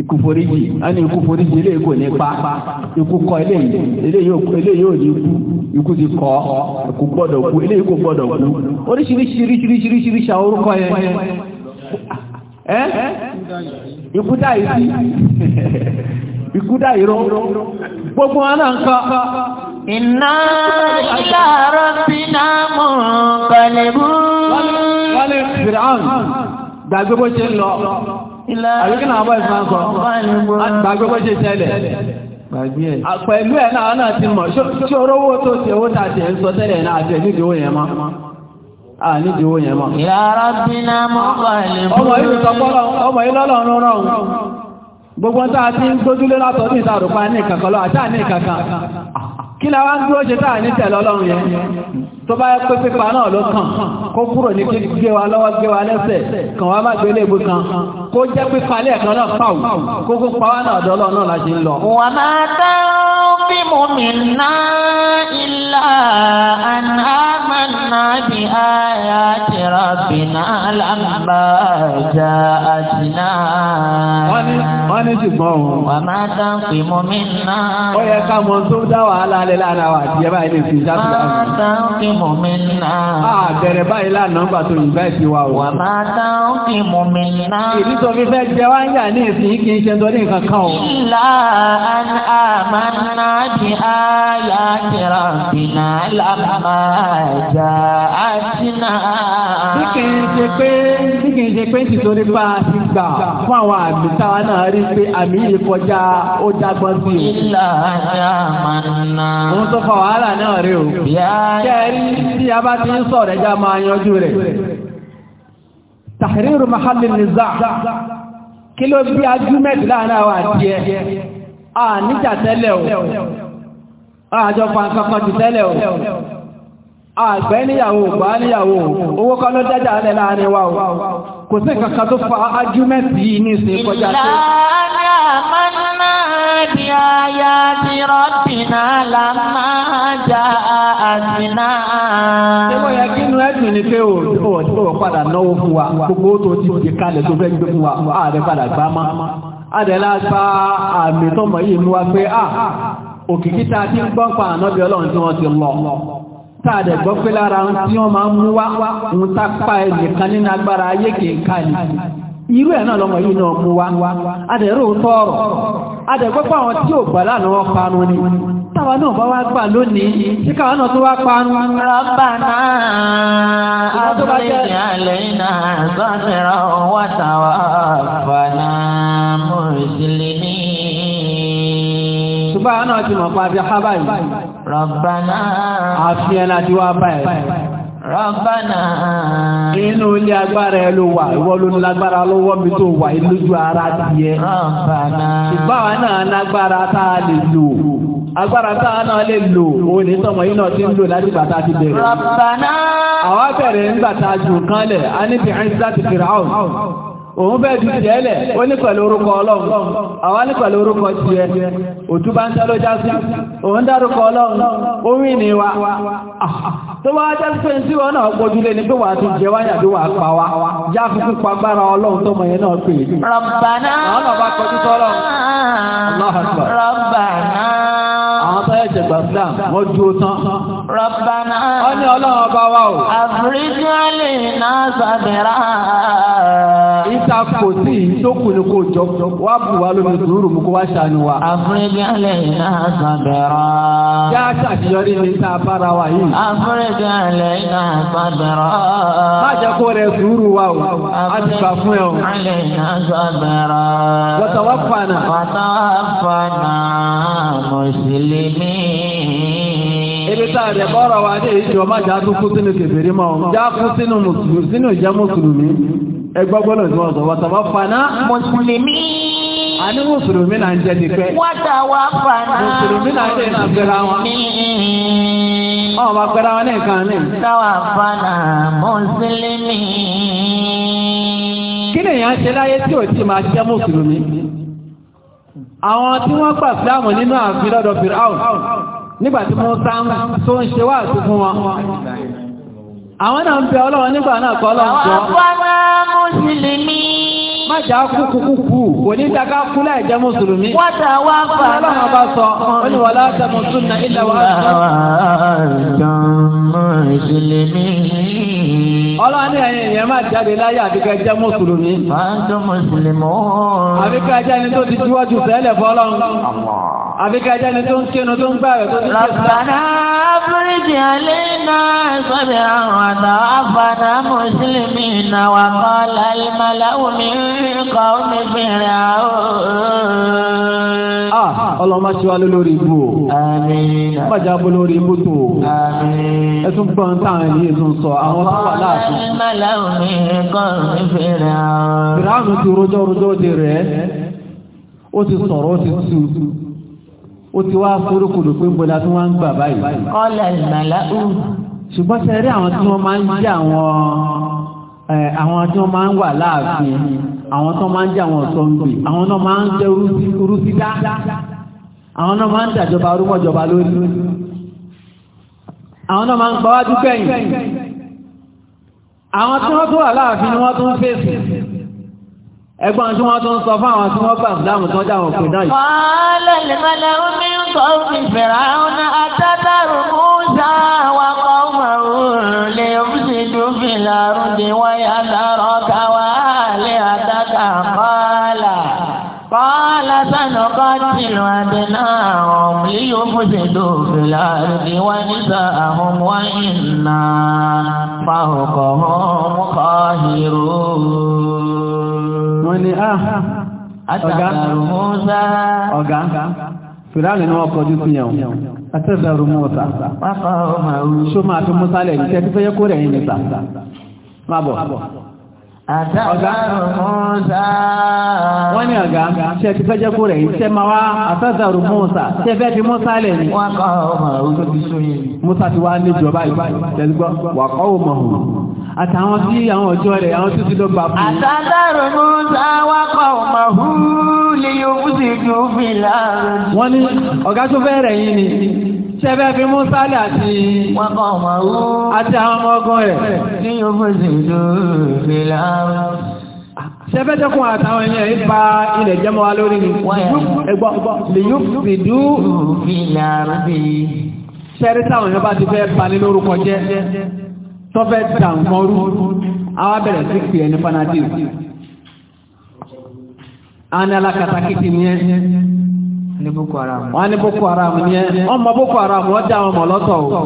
ìkúforíjì ẹni ìkúforíjì ilé kò ní pa ikú ilé yóò ní kú ikú ti kọ ikú gbọ́dọ̀ kú ilé kò gbọ́dọ̀ kú oríṣiríṣiríṣiríṣiríṣi yẹn gbogbo wọn náà ń kọ́ Iná ilá rọ́bìnà mọ̀ pẹ̀lẹ̀bú. Wọ́n lè fìrì àwọn gbàgbé bó ṣe ń lọ. Àríkínà àbọ̀ ìfàn sọ, gbàgbé bó gbogbo ti gbójúlé ní ní ìkàkọ́lọ́ kí la wá ń dúró ṣe táà ní tẹ̀lọ ọlọ́run yẹn tó bá pé pípa náà ló kàn kó kúrò ní gbé wa lọ́wọ́ gbé wa lẹ́sẹ̀ kàn wá má gbélé ìbú kan kó jẹ́ pípa lẹ́ẹ̀kan náà pàwù kó kó pa wá náà dọ́lọ́ náà la ṣe ń lọ. wà á máa bí mo mi ná ilà àná àmàlà bí àyà ربنا لما جاءتنا wọ́n ní ṣùgbọ́n òun wà máa tàǹkì mú mi náà ó yẹ ká mọ tó dá wàhálà alẹ́ lára wa àti ẹbá ilé ìfì ìjábí láàrín máa tàǹkì mú mi náà àà bẹ̀rẹ̀ báyìí lánàá gbà tó yìnbá ìfì wa o wà máa tàǹkì mú mi náà ìdí tó fi fẹ́ jẹ wá ń yà ní ìsìn kì í ṣe tó ní nǹkan kan o. ìlà àmàna di ayé àti ràbìnà lámàjà àti náà. Bí kì í pé bí pé nítorí bá a ti gbà fún àwọn àmì táwa náà rí pé àmì yìí kọjá ó dágbọ́n sí o. Ìlà ayá máa ná. Òun tó fa wàhálà náà rí o. Kẹ́rí tí a bá ti ń sọ̀rọ̀ ẹja máa yanjú rẹ̀. Tahriru mahalli nizaa. Kí ló bí agúmẹ̀tì láàárín àwọn àti ẹ? À níjà tẹ́lẹ̀ o. Àjọ fankan kan ti tẹ́lẹ̀ o àgbẹ́ níyàwó bá níyàwó owó kan ló dájà alẹ́ láàrin wa o kò sí kankan tó fa ájúmẹ́tì yìí ní ìsìn kọjá tó. ìlànà mọ́nà bí aya ti rọ́bìnà lámà já àgbìnà. ṣébó yẹ kí inú ẹ̀dùn ni pé o ò padà náwó fún wa gbogbo tó ti di kalẹ̀ tó fẹ́ gbé fún wa ààrẹ padà gbá mọ́. àdẹ̀lá gba táàdẹ̀ gbọ́ pé lára ohun tí wọ́n máa ń mú wá ń tápá ẹnìkan nínú agbára ayé kìíkà ní irú ẹ̀ náà lọ́mọ yìí náà mú wá adẹ̀rò tọ́ọ̀rọ̀ adẹ̀gbọ́pọ̀ àwọn tí ò gbà lánàá wọ́n panu ni táwa náà bá wá gbà lónìí tí káwa náà tó wá panu. rọ́bàná àbúrẹ́jì àlẹ́yìn náà sọ́sẹ̀rọ̀ wọ́tàwá fànà mùsùlùmí. ṣùgbọ́n náà ti mọ̀ pa àti àbá yìí. Rabbana. àfi ẹ̀ láti wá báyìí. inú ilé agbára ẹ ló wà ìwọ ló ní lágbára lọ́wọ́ mi tó wà lójú ara ti yẹ ṣùgbọ́n àwọn náà lágbára tá a lè lò agbára tá a náà lè lò òun ti ń lò láti bàtà ti bẹ̀rẹ̀. Rabbana. àwọn ń òun bẹ́ẹ̀ ju jẹ́lẹ̀ ó ní pẹ̀lú orúkọ ọlọ́run àwọn ní pẹ̀lú orúkọ tiẹ̀ òtú bá ń tẹ́ ló já sí òun dárúkọ ọlọ́run orin ni wa tó wá já sí pé tí wọ́n náà gbójúlé ní pé wà á ti jẹ wáyà bí wà pa wa já fífún pa gbára ọlọ́run tó mọ̀ yẹn náà pè é. Rabbana Rabbana wọ́n ju tán. Rabbana. Wọ́n ní ọlọ́run ọba wa o. Àfíríjọ́lì náà sàbẹ̀rà. Ìtàkùn sí ìjókòó ni kò jọ. Wá bù wá lómi sùúrù mú kó wá ṣàánú wa. Àfíríjọ́lì náà sàbẹ̀rà. Yá ṣàṣeyọrí ní ta bára wa yìí. Àfíríjọ́lì náà sàbẹ̀rà. Má jẹ́ kó rẹ̀ sùúrù wa o. A ti gbà fún ẹ o. Àfíríjọ́lì náà sàbẹ̀rà. Wọ́tọ̀wọ́ fana. Wọ́tọ̀wọ́ rẹ̀ bọ́rọ̀ wa ní ìjọ má já tún kú sínú kèfèrí mọ́ já kú sínú mùsùlùmí sínú ìjẹ́ mùsùlùmí ẹgbọ́gbọ́nà ìjọ ọ̀sọ̀ wọ́n tọ́wọ́ fana mùsùlùmí a ní mùsùlùmí náà ń jẹ́ ti pẹ́ wọ́tàwọ́ fana mùsùlùmí náà jẹ́ ìnàgbẹ́ra wọn ọ̀n bá pẹ́ra wọn ní nǹkan ní. wọ́tàwọ́ fana mùsùlùmí. kí ni èèyàn ṣe láyé tí ò ti máa jẹ́ mùsùlùmí àwọn tí wọ́n gbà fílámù nínú àfi lọ́dọ̀ fìràwùn nígbàtí mo sá ń tó ń ṣe wá àtúkún wọn àwọn náà ń bẹ ọlọ́run nígbà náà kọ́ ọlọ́run jọ. àwọn ọmọ mùsùlùmí má jà kúkú kúkú kò ní dàgá kú láì jẹ́ mùsùlùmí. wọ́n ta wá fà á. ọlọ́run bá sọ wọ́n ní wàlá tẹ̀mùsùn náà ilẹ̀ wà á sọ. ọlọ́run ní ẹ̀yìn ìyẹn má jáde láyé àbíkẹ́ jẹ́ mùsùlùmí. àbíkẹ́ jẹ́ ẹni tó ti jíwájú sẹ́lẹ̀ fọlọ́run. àbíkẹ́ jẹ́ ẹni tó ń kírun tó ń gbà tó ti ṣe sọ́dọ̀. قوم فرعون ah, ọlọ́mọ ṣe wá lórí ibú o lórí ibú tó o ẹ̀tún gbọ́n táwọn èyí ẹ̀tún sọ àwọn tó wà láàtún ti rojọ́ rojọ́ ti rẹ̀ ó ti sọ̀rọ̀ ó ti tú ó ti wá pé bọ́lá tí wọ́n ń gbà báyìí ṣùgbọ́n àwọn tó máa ń jẹ́ àwọn ọ̀sọ́ ń pè àwọn náà máa ń jẹ́ orúsídá àwọn náà máa ń dàjọba orúkọjọba lórí àwọn náà máa ń gbọ́wá dúkẹ́yìn àwọn tí wọ́n tó wà láàfin wọ́n tó ń fèsì ẹgbọ́n tí wọ́n tó ń sọ fún àwọn tí wọ́n gbà láàmù tó dáwọn òpin náà yìí. ọ̀ọ́lẹ̀ lẹ́mọ̀lẹ́ قال قال سنقتل أبناءهم ليفسدوا في الأرض ونساءهم وإنا فوقهم قاهرون ولئه أتذر موسى fìrànì ni wọ́n kọjú sí yẹn o àtẹ́bẹ̀rù mọ́ta ṣó máa fi mọ́sálẹ̀ ní tẹ́tífẹ́yẹ́kó rẹ̀ yìí nìta máa bọ̀ wọ́n ní ọ̀gá ṣe ti fẹ́ jẹ́ kó rẹ̀ yìí ṣe máa wá àtàzàrù Mùsá ṣe fẹ́ fi Mùsá lẹ̀ ní. Mùsá ti wá ní ìjọba ìtẹ́lúgbọ́ wà kọ́ òmò hùn àtàwọn tí àwọn ọjọ́ rẹ̀ àwọn tó ti lọ gbà ṣẹ́fẹ́ fi Mùsálì àti wákọ̀ ọmọ ọgbọ́n àti àwọn ọmọ ọgbọ́n rẹ̀ ní ọmọ ìdòdó ìfèlà ṣẹ́fẹ́ tẹ́kùn àtàwọn èèyàn ń ilẹ̀ jẹ́mọ́ wa lórí ni lèyúfìdú ṣẹ́rí táwọn èèyàn bá ti fẹ́ bani lórúkọ jẹ́ tọ́fẹ́ dàǹkọrú àwọn abẹ̀rẹ̀ sí pè ẹni fanadí àwọn alákatakítì ni ẹ́ wọ́n ní boko haram ní ẹ́ wọ́n mọ boko haram wọ́n dá wọn mọ̀ lọ́tọ̀ o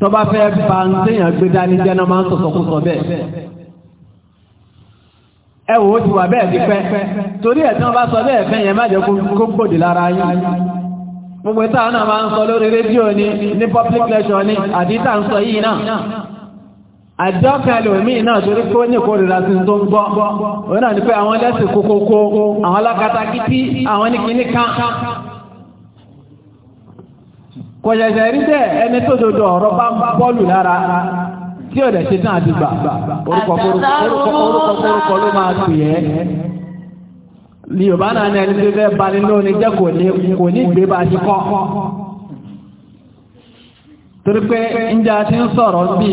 tọ́ba fẹ́ bá ń téèyàn gbé dání jẹ́nà máa ń sọ̀sọ̀ kó sọ bẹ́ẹ̀ ẹ wò ó ti wà bẹ́ẹ̀ ti pẹ́ torí ẹ̀ tí wọ́n bá sọ bẹ́ẹ̀ fẹ́ yẹn má jẹ́ kó gbòdì lára yín gbogbo táwọn náà máa ń sọ lórí rédíò ní ní public lecture ní àdìtà ń sọ yìí náà àjọ́kẹ́lẹ̀ òmíì náà torí kó ní kó sí tó ń gbọ́ òun náà ni pé àwọn ẹlẹ́sìn kókókó àwọn alákatakítí àwọn ní kíní kò ṣẹ̀ṣẹ̀ rí ẹni tó dodo ọ̀rọ̀ bá bọ́ọ̀lù lára tí ti gbà orúkọ orúkọ ló máa tù yẹ́ yorùbá náà ní ẹni tó fẹ́ bani lónìí jẹ́ kò ní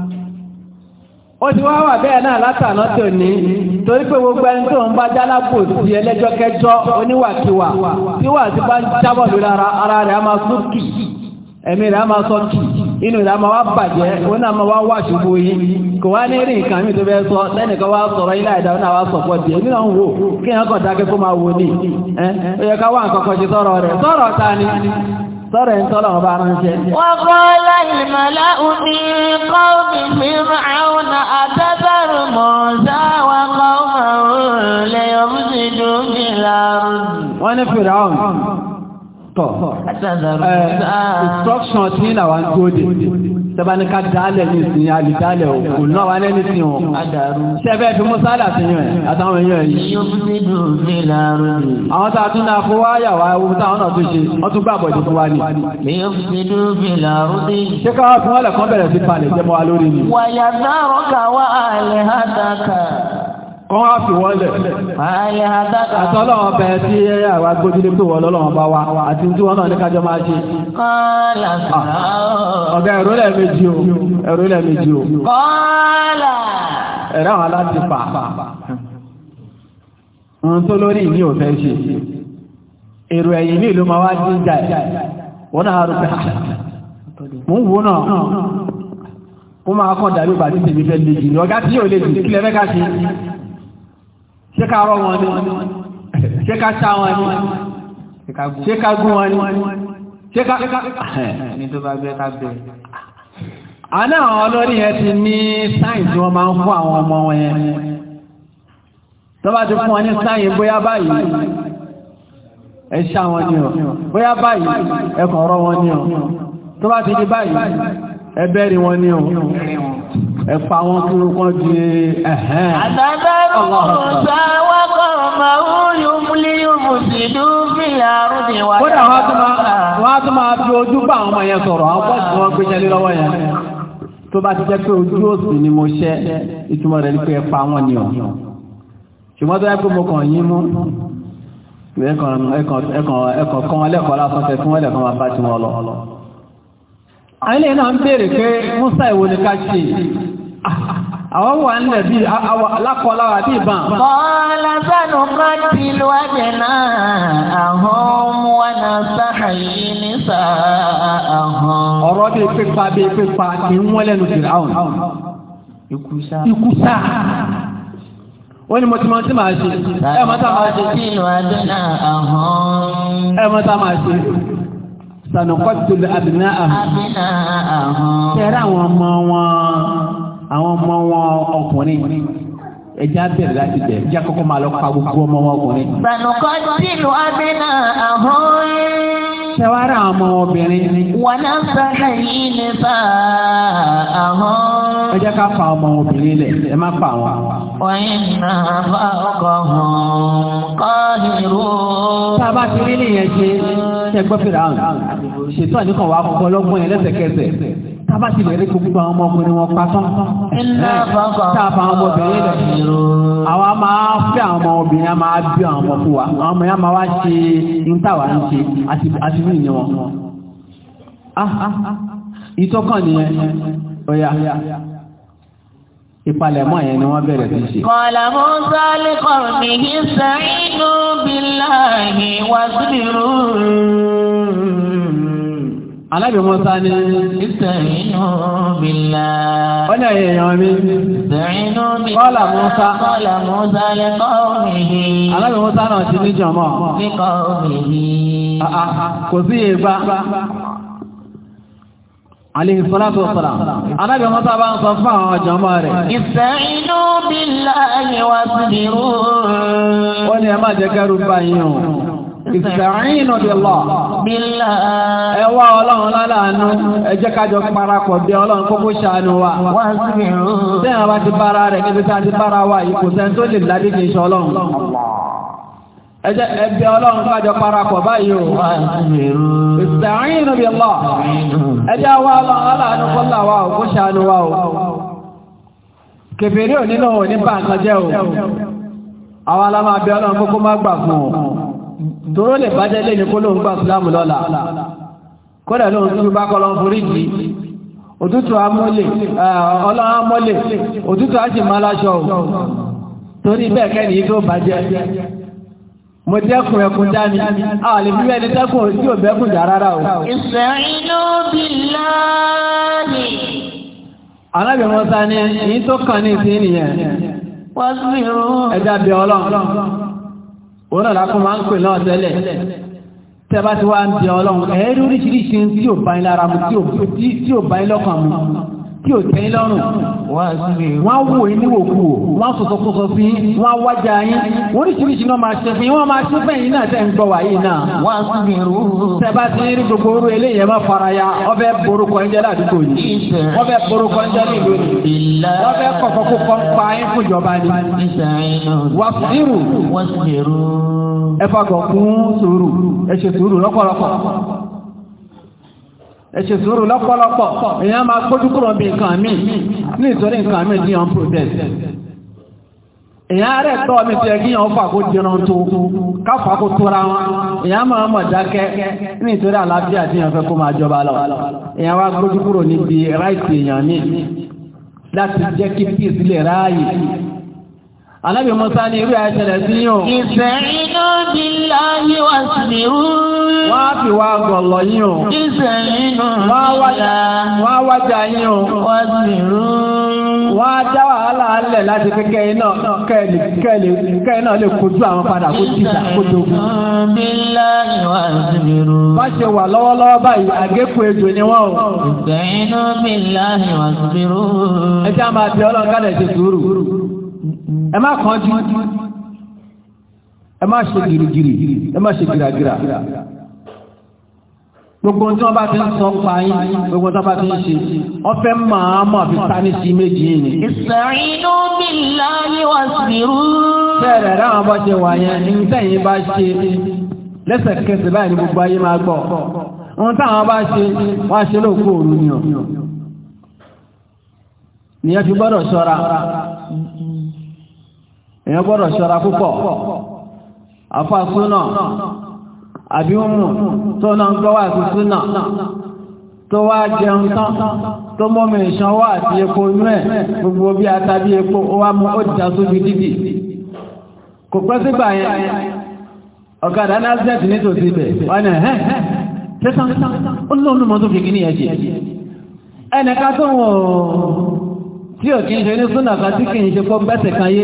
ó ti wá wà bẹ́ẹ̀ náà látàná tó ní torí pé gbogbo ẹni tó ń bá jálábò sí ẹlẹ́jọ́ kẹjọ́ oníwàkiwà tí wà sí ara rẹ̀ a máa sún kì ẹ̀mí rẹ̀ sọ kì inú rẹ̀ máa wá bàjẹ́ ó náà máa wá wà ṣubú yìí kò wá ní rí nǹkan mi tó fẹ́ sọ lẹ́nìkan wá sọ̀rọ̀ ilé náà wá sọ̀pọ̀ díẹ̀ nínú wò kí dákẹ́ kó máa wò ní ẹ̀ ó yẹ ká nǹkan kan ṣe sọ̀rọ̀ ta ni sọ́rọ̀ ń tọ́lọ̀ ọba ránṣẹ́. wọ́n kọ́ láìmọ̀lá omi kọ́ mi fi ràn ní fìrà tó dé tẹ́bání ká dálẹ̀ ní ìsìn àlìdálẹ̀ òkú náà wà lẹ́ni tí wọn. ṣẹ́fẹ́ fi mú sáàdà sí yẹn àtàwọn èèyàn yìí. àwọn tá a tún náà fowó àyà wa ewu táwọn náà tún ṣe wọ́n tún gbàgbọ́ ìdí fún wa ni. ṣé káwá fún wọn lẹ̀kọ́ bẹ̀rẹ̀ sí palẹ̀ jẹ́mọ́ wa lórí ni. wàyà náà rọ́gà àlẹ́ hàtàkà. wọ́n á fi wọ́n lẹ̀. àtọ́lọ́wọ́ bẹ̀ tí àwọn agbójúlé pé wọ́n lọ́lọ́wọ́ bá wa àti tí wọ́n náà ní kájọ máa ṣe. Ah, ọ̀gá ẹ̀rọ lẹ́ẹ̀mejì o ẹ̀rọ méjì o. ẹ̀rọ àwọn pa. ohun tó lórí ìní ò fẹ́ ṣe. èrò ẹ̀yìn ní ìlú máa wá dín jà ẹ̀. wọ́n náà rú ṣé ká rọ́ wọn ni ṣé ká ṣá wọn ni ṣé ká gún wọn ni ṣé ká ẹni tó bá bẹ́ ká bẹ́ àná àwọn olórí yẹn ti ní sáyìn tí wọ́n máa ń fún àwọn ọmọ wọn yẹn tó bá ti fún wọn ní sáyìn bóyá báyìí ẹ ṣá wọn ni ọ bóyá báyìí ẹ kàn wọn ni ọ tó bá ti di báyìí ẹ bẹ́ẹ̀rì wọn ni ọ ẹ pa wọn kí wọn kọ́ di ẹ̀hẹ́n. àtàbẹ̀rù ọ̀sà wákọ̀ máa ń yọmúlé yọmùsìlú bí àrùn ìwà. kódà wọn á tún máa fi ojú bá àwọn ọmọ yẹn sọ̀rọ̀ àwọn bọ́ọ̀sì wọn gbé jẹ́lé lọ́wọ́ yẹn tó bá ti jẹ́ pé ojú òsì ni mo ṣẹ́ ìtumọ̀ rẹ̀ ni pé ẹ pa wọn ni ọ̀ ṣùgbọ́n tó yẹ pé mo kàn yín mú ẹ̀kọ̀ kan lẹ́kọ̀ọ́ lásán tẹ̀ fún ẹlẹ́kọ̀ọ́ máa bá ti wọn lọ. àìlè àwọn wà ń lẹ̀bí alákọ̀ọ́lá àti ìbàn. Bọ́ọ̀lá sánú kọ́tí lọ́jẹ̀ náà, àwọn wọn sáàyí ní sáàhàn. Ọ̀rọ̀ bí pípa bí pípa kì ń wọ́n lẹ́nu fìrà ọ̀nà. Ikúsá. Ikúsá. Ó ní mo ti máa ń tí máa ṣe. Ẹ mọ́ tá máa ṣe. Ẹ mọ́ tá máa ṣe sanukọ́tù abìnà àhùn. Tẹ̀rẹ̀ àwọn ọmọ wọn àwọn ọmọ wọn ọkùnrin ẹja bẹ̀rẹ̀ láti bẹ̀ ẹja kọ́kọ́ máa lọ pa gbogbo ọmọ wọn ọkùnrin. bànúkọ́ sínú abẹ́nà àhọ́n. ṣẹwárà àwọn ọmọ obìnrin ni. wọn náà sọ̀rọ̀ yìí ní bá àhọ́n. ẹ jẹ́ ká fa ọmọ obìnrin lẹ̀ ẹ má pa àwọn. wọ́n náà bá ọkọ̀ hàn kọ́ nírú. tá a bá ti rí nìyẹn ṣe ṣẹgbọ́n fìlà ṣètò àníkàn wà kọ́ lọ́gbọ́n yẹn lẹ́sẹ̀kẹsẹ̀ tábà ti bẹ̀rẹ̀ gbogbo àwọn ọmọkùnrin wọn pa tán. tábà àwọn ọmọbìnrin rẹ̀ àwọn a máa fẹ́ àwọn ọmọbìnrin a máa bí àwọn ọmọ fún wa àwọn ọmọ yẹn a máa wá ṣe ń tàwa ń ṣe àti ní ìyẹn wọn. Ah, ah, ah. ìtọ́kàn nìyẹn ọ̀yà ìpalẹ̀mọ́ yẹn ni wọ́n bẹ̀rẹ̀ sí ṣe. kọ̀lá musa lẹ́kọ̀ọ́ mi kì í sẹ́yìn nù bí láàyè wá sí ìrú. Alábì Musa ni. Ìsẹ̀yìn bìlá. Ó ní ẹ̀yẹ èèyàn mi. Ìsẹ̀yìn bìlá. Kọ́là Musa. Kọ́là Musa lè kọ́ òmìnir. Alábì Musa náà ti ní jọ̀mọ́. Lè kọ́ òmìnir. Kò sí ìgbà. Alayhi salatu wa salam. Alábì Musa bá ń sọ fún àwọn jọ̀mọ́ rẹ̀. Ìsẹ̀yìn bìlá ni wàá ti dìrú. Ó ní ẹ má jẹ́ kẹ́rù báyìí o ìsìtàrín ọdíọ̀lọ́ ẹwà ọlọ́run lálàánú ẹjẹ́ kájọ parapọ̀ bí ọlọ́run kó kó ṣàánú wa tẹ́yàn bá ti bára rẹ̀ níbi tá ti bára wa ìkò sẹ́n tó lè ládé kìí ṣe ọlọ́run ẹjẹ́ ẹbí ọlọ́run kájọ parapọ̀ báyìí o ìsìtàrín ọdíọ̀lọ́ ẹjẹ́ wà ọlọ́run lálàánú kọ́lá kókó má gbà fún ọ Toro lè bá le lẹ́ni kó lóun gbà sílámù lọ́la kódà lóun tó bá kọ́ lọ́n jì òtútù amọ́lẹ̀ ọlọ́run òtútù á sì máa mo dẹ́kun ẹkùn dání àwọn àlè bíbẹ́ ni dẹ́kun tí ò o. ìsẹ̀yìnú wọn sá ni èyí tó kàn ní ìsín nìyẹn. wọ́n òun náà lákùn máa ń pè náà tẹ́lẹ̀ tẹ́bá ti wá ń di ọlọ́run ẹ̀ẹ́rí oríṣiríṣi tí ò bá ń lára mu tí ò bá ń lọ́kàn mu tí ò tẹ́yìn lọ́rùn wọ́n wò yín níwòkú o wọ́n sọ̀sọ̀kọ̀sọ̀ sí wọ́n wájà yín oríṣiríṣi náà máa ṣe fún yín wọ́n máa ṣe fẹ́ yín náà tẹ́ ń gbọ́ wà yìí náà wọ́n sún mi rú. sẹ́bá ti rí gbogbo orú eléyìí má fara ọbẹ̀ borúkọ ń ládùúgbò yìí ọbẹ̀ borúkọ ń nílùú ọbẹ̀ kọ̀kọ́ ẹ̀ṣẹ̀ sùúrù lọ́pọ̀lọpọ̀ èèyàn máa kójú kúrò bí nǹkan mi ní ìtorí nǹkan mi ní ọ̀n protest rẹ̀ tọ́ mi tẹ́ kí yàn fà kó jẹran tó káfà kó tóra wọn èèyàn máa mọ̀ dákẹ́ ní ìtorí àlàáfíà tí yàn fẹ́ kó máa jọba lọ èèyàn wá kójú kúrò níbi ráìtì èèyàn ní láti jẹ́ kí peace Anábì Musa ní irú ẹ̀ṣẹ̀lẹ̀ sí yíò. Ìsẹ̀yìnà bí láyé wà sí irú. Wọ́n á fi wá gọ̀lọ̀ yíò. Ìsẹ̀yìnà wọ́dà. Wọ́n á wájà yíò. Wà sí irú. Wọ́n á dá wàhálà alẹ̀ láti kẹ́kẹ́ iná kẹ́ẹ̀ náà lè kojú àwọn padà kó tìjà kó dogun. Bí láyé wà ṣe wà lọ́wọ́lọ́wọ́ báyìí, àgékù ejò ni wọ́n o. Ìsẹ̀yìnà bí láyé wà sí irú. Ẹ ẹ má kánjú ẹ má ṣe gìrìgìrì ẹ má ṣe gìràgìrà gbogbo tí wọ́n bá ti ń sọ pa yín gbogbo tí wọ́n bá ti ń ṣe ọfẹ́ máa mọ̀ fi sáni sí méjì yìí ni. ìsàrínú bí láyé wà sí rú. bẹ́ẹ̀rẹ̀ ráwọn bá ṣe wà yẹn bá ṣe lẹ́sẹ̀kẹsẹ̀ báyìí ní gbogbo ayé máa gbọ́ ohun táwọn bá ṣe wá ṣe lóòkú òru ni ọ̀ nìyẹn fi gbọ́dọ̀ ṣọ́ra èèyàn gbọ́dọ̀ ṣọ́ra púpọ̀ afá súnà àbí ọmọ tó náà ń gbọ́ wà sí súnà tó wá jẹun tán tó mọ́mí ìṣan wà àti epo inú ẹ̀ gbogbo bí atàbí epo ó wá mú ó jà sójú dídì kò pẹ́ sígbà yẹn ọ̀kadà ní azẹ́tì nítòsí ibẹ̀ wọ́n ní ẹ̀hẹ́ tẹ́sán ó lóun ló mọ́ tó fi kí ní ẹ̀jẹ̀ ẹnìkan tó wọ̀ tí ò kí ń ṣe ní súnà kan tí kì í ṣe kó bẹ́sẹ̀ kan yé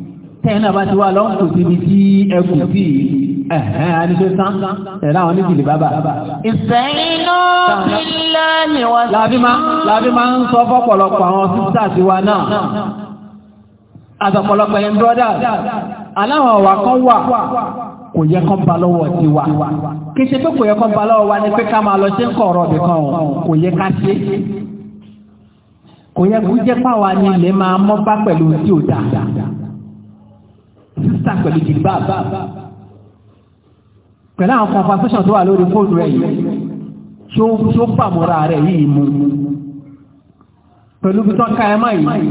tẹ́yìn náà bá ti wá lọ́n kò síbi tí ẹkù sí ẹ̀hẹ́n àníṣe sán ẹ̀rá àwọn oníjìlì bàbá. ìsẹ́yìnú bílẹ̀ ni wọ́n sí. láàbí máa ń sọ fọ́pọ̀lọpọ̀ àwọn sísá sí wa náà àtọ̀pọ̀lọpọ̀ yẹn brọ́dà aláwọ̀ wà kan wà kò yẹ kán ba lọ́wọ́ ti wa kì í ṣe pé kò yẹ kán ba lọ́wọ́ wa ni pé ká máa lọ sí ń kọ̀ọ̀rọ̀ bì kan kò yẹ ká ṣe kò yẹ kó jẹ́ pàwọn ni ilé máa mọ́ bá pẹ̀lú tí ò dáadáa sísà pẹ̀lú jìgbà pẹ̀lú àwọn conversation tó wà lórí fóònù rẹ̀ yìí tó pàmọ́ra rẹ̀ yìí mú pẹ̀lú bí tán káyẹ máa yìí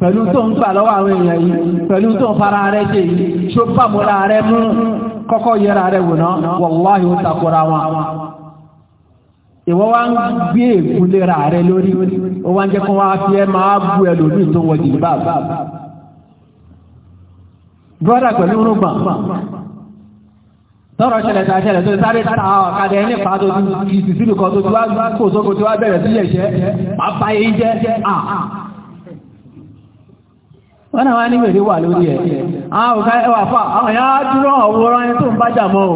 pẹ̀lú tó ń gbà lọ́wọ́ àwọn èèyàn yìí pẹ̀lú tó ń fara rẹ̀ jẹ́ yìí tó pàmọ́ra rẹ̀ mú kọ́kọ́ yẹra rẹ̀ wò náà wá ń brọ́dà pẹ̀lú rúgbà tọ́rọ ṣẹlẹ̀ tàà ṣẹlẹ̀ tó sáré tàà ọ̀kadà ẹni pàtó ìsìsìlù kan tó wá kò sókò tó wá bẹ̀rẹ̀ sí ẹ̀ṣẹ́ pàpá èyí jẹ́ wọ́n náà wá ní wèrè wà lórí ẹ̀ àwọn òkà ẹwà fà àwọn ìyá dúró ọ̀wọ́rán ẹni tó ń bájà mọ́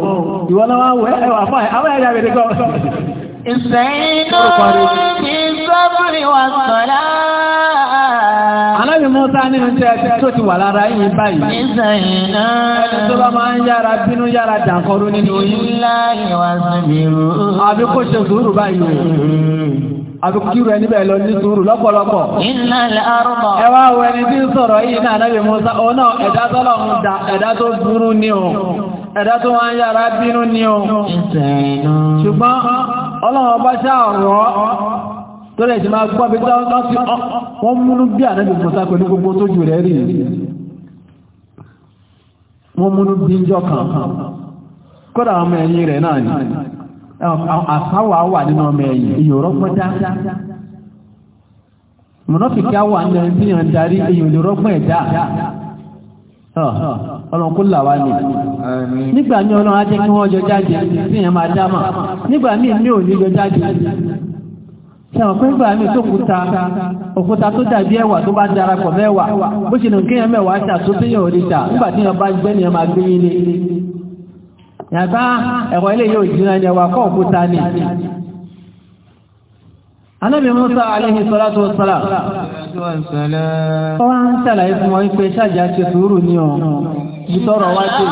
ìwọ́n náà wá ẹwà fà àwọn ẹ̀yà wèrè kọ́ ìsẹ́yìn náà ní sọ́bùrì wà sọ́lá Musa nínú tẹ́ tó ti wà lára yìí báyìí. Ẹni tó bá máa ń yára bínú ẹni bẹ́ẹ̀ lọ ní sùúrù lọ́pọ̀lọpọ̀. Ẹ wá wo ẹni tí ń sọ̀rọ̀ yìí náà náà bí Musa, òun náà ẹ̀dá tọ́lọ̀ ń da ẹ̀dá tó burú ni o. Ẹ̀dá tó wá ń yára bínú ni o. tó lè ṣe máa gbọ́ bí dáwọ́sí wọ́n múnú bí ànábì pẹ̀lú gbogbo tó jù rẹ̀ rí wọ́n múnú bí jọ kan kódà ọmọ ẹ̀yìn rẹ̀ náà ni àfáwà wà nínú ọmọ ẹ̀yìn wà nígbà ní ọlọ́run kí wọ́n jọ jáde sí nígbà míì ní òní jọ jáde ṣẹ̀wọ̀n fún ìgbà mi tókúta òkúta tó dàbí ẹwà tó bá darapọ̀ mẹ́wàá bó ṣe nùkẹ́ yẹn mẹ́wàá ṣà tó tí yàn oríta nígbà tí yàn bá gbẹ́ ni yàn máa gbé yín ní yàtá ẹ̀wọ̀ ilé yóò jìnà ni ẹ̀wà anábì Musa ọ wá sí.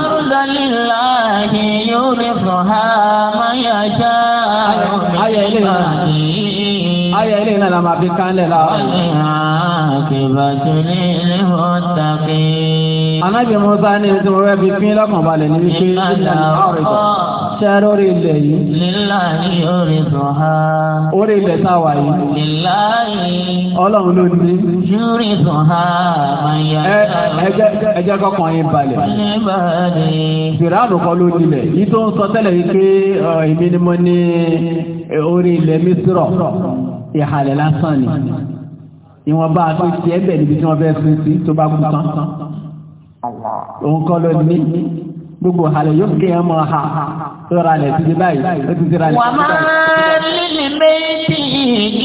ayé ilé náà la máa fi kánlẹ̀ la. anábì musa ní tí mo fẹ́ fi pín lọ́kàn balẹ̀ ní wípé sẹ́rọ̀rì ilẹ̀ yìí. lílàyé orí sọ̀há. orí ilẹ̀ tá a wà yìí. lílàyé. ọlọ́run ló ní. júrì sọ̀há máa yá. ẹ jẹ́ kọ́kàn yín balẹ̀. fìràánù kọ́ ló nílẹ̀ yìí tó ń sọ tẹ́lẹ̀ yìí pé èmi ni mo ní orí ilẹ̀ mi sírọ̀ ìhàlẹ̀ lásán ni ìwọ̀n bá tó ti ẹ̀bẹ̀ níbi tí wọ́n fẹ́ fún sí tó bá kú tán òun kọ́ lọ ní gbogbo ìhàlẹ̀ yóò kí ẹmọ ha tó ra lẹ̀ sí báyìí ó ti ra lẹ̀ wà á máa lílì méjì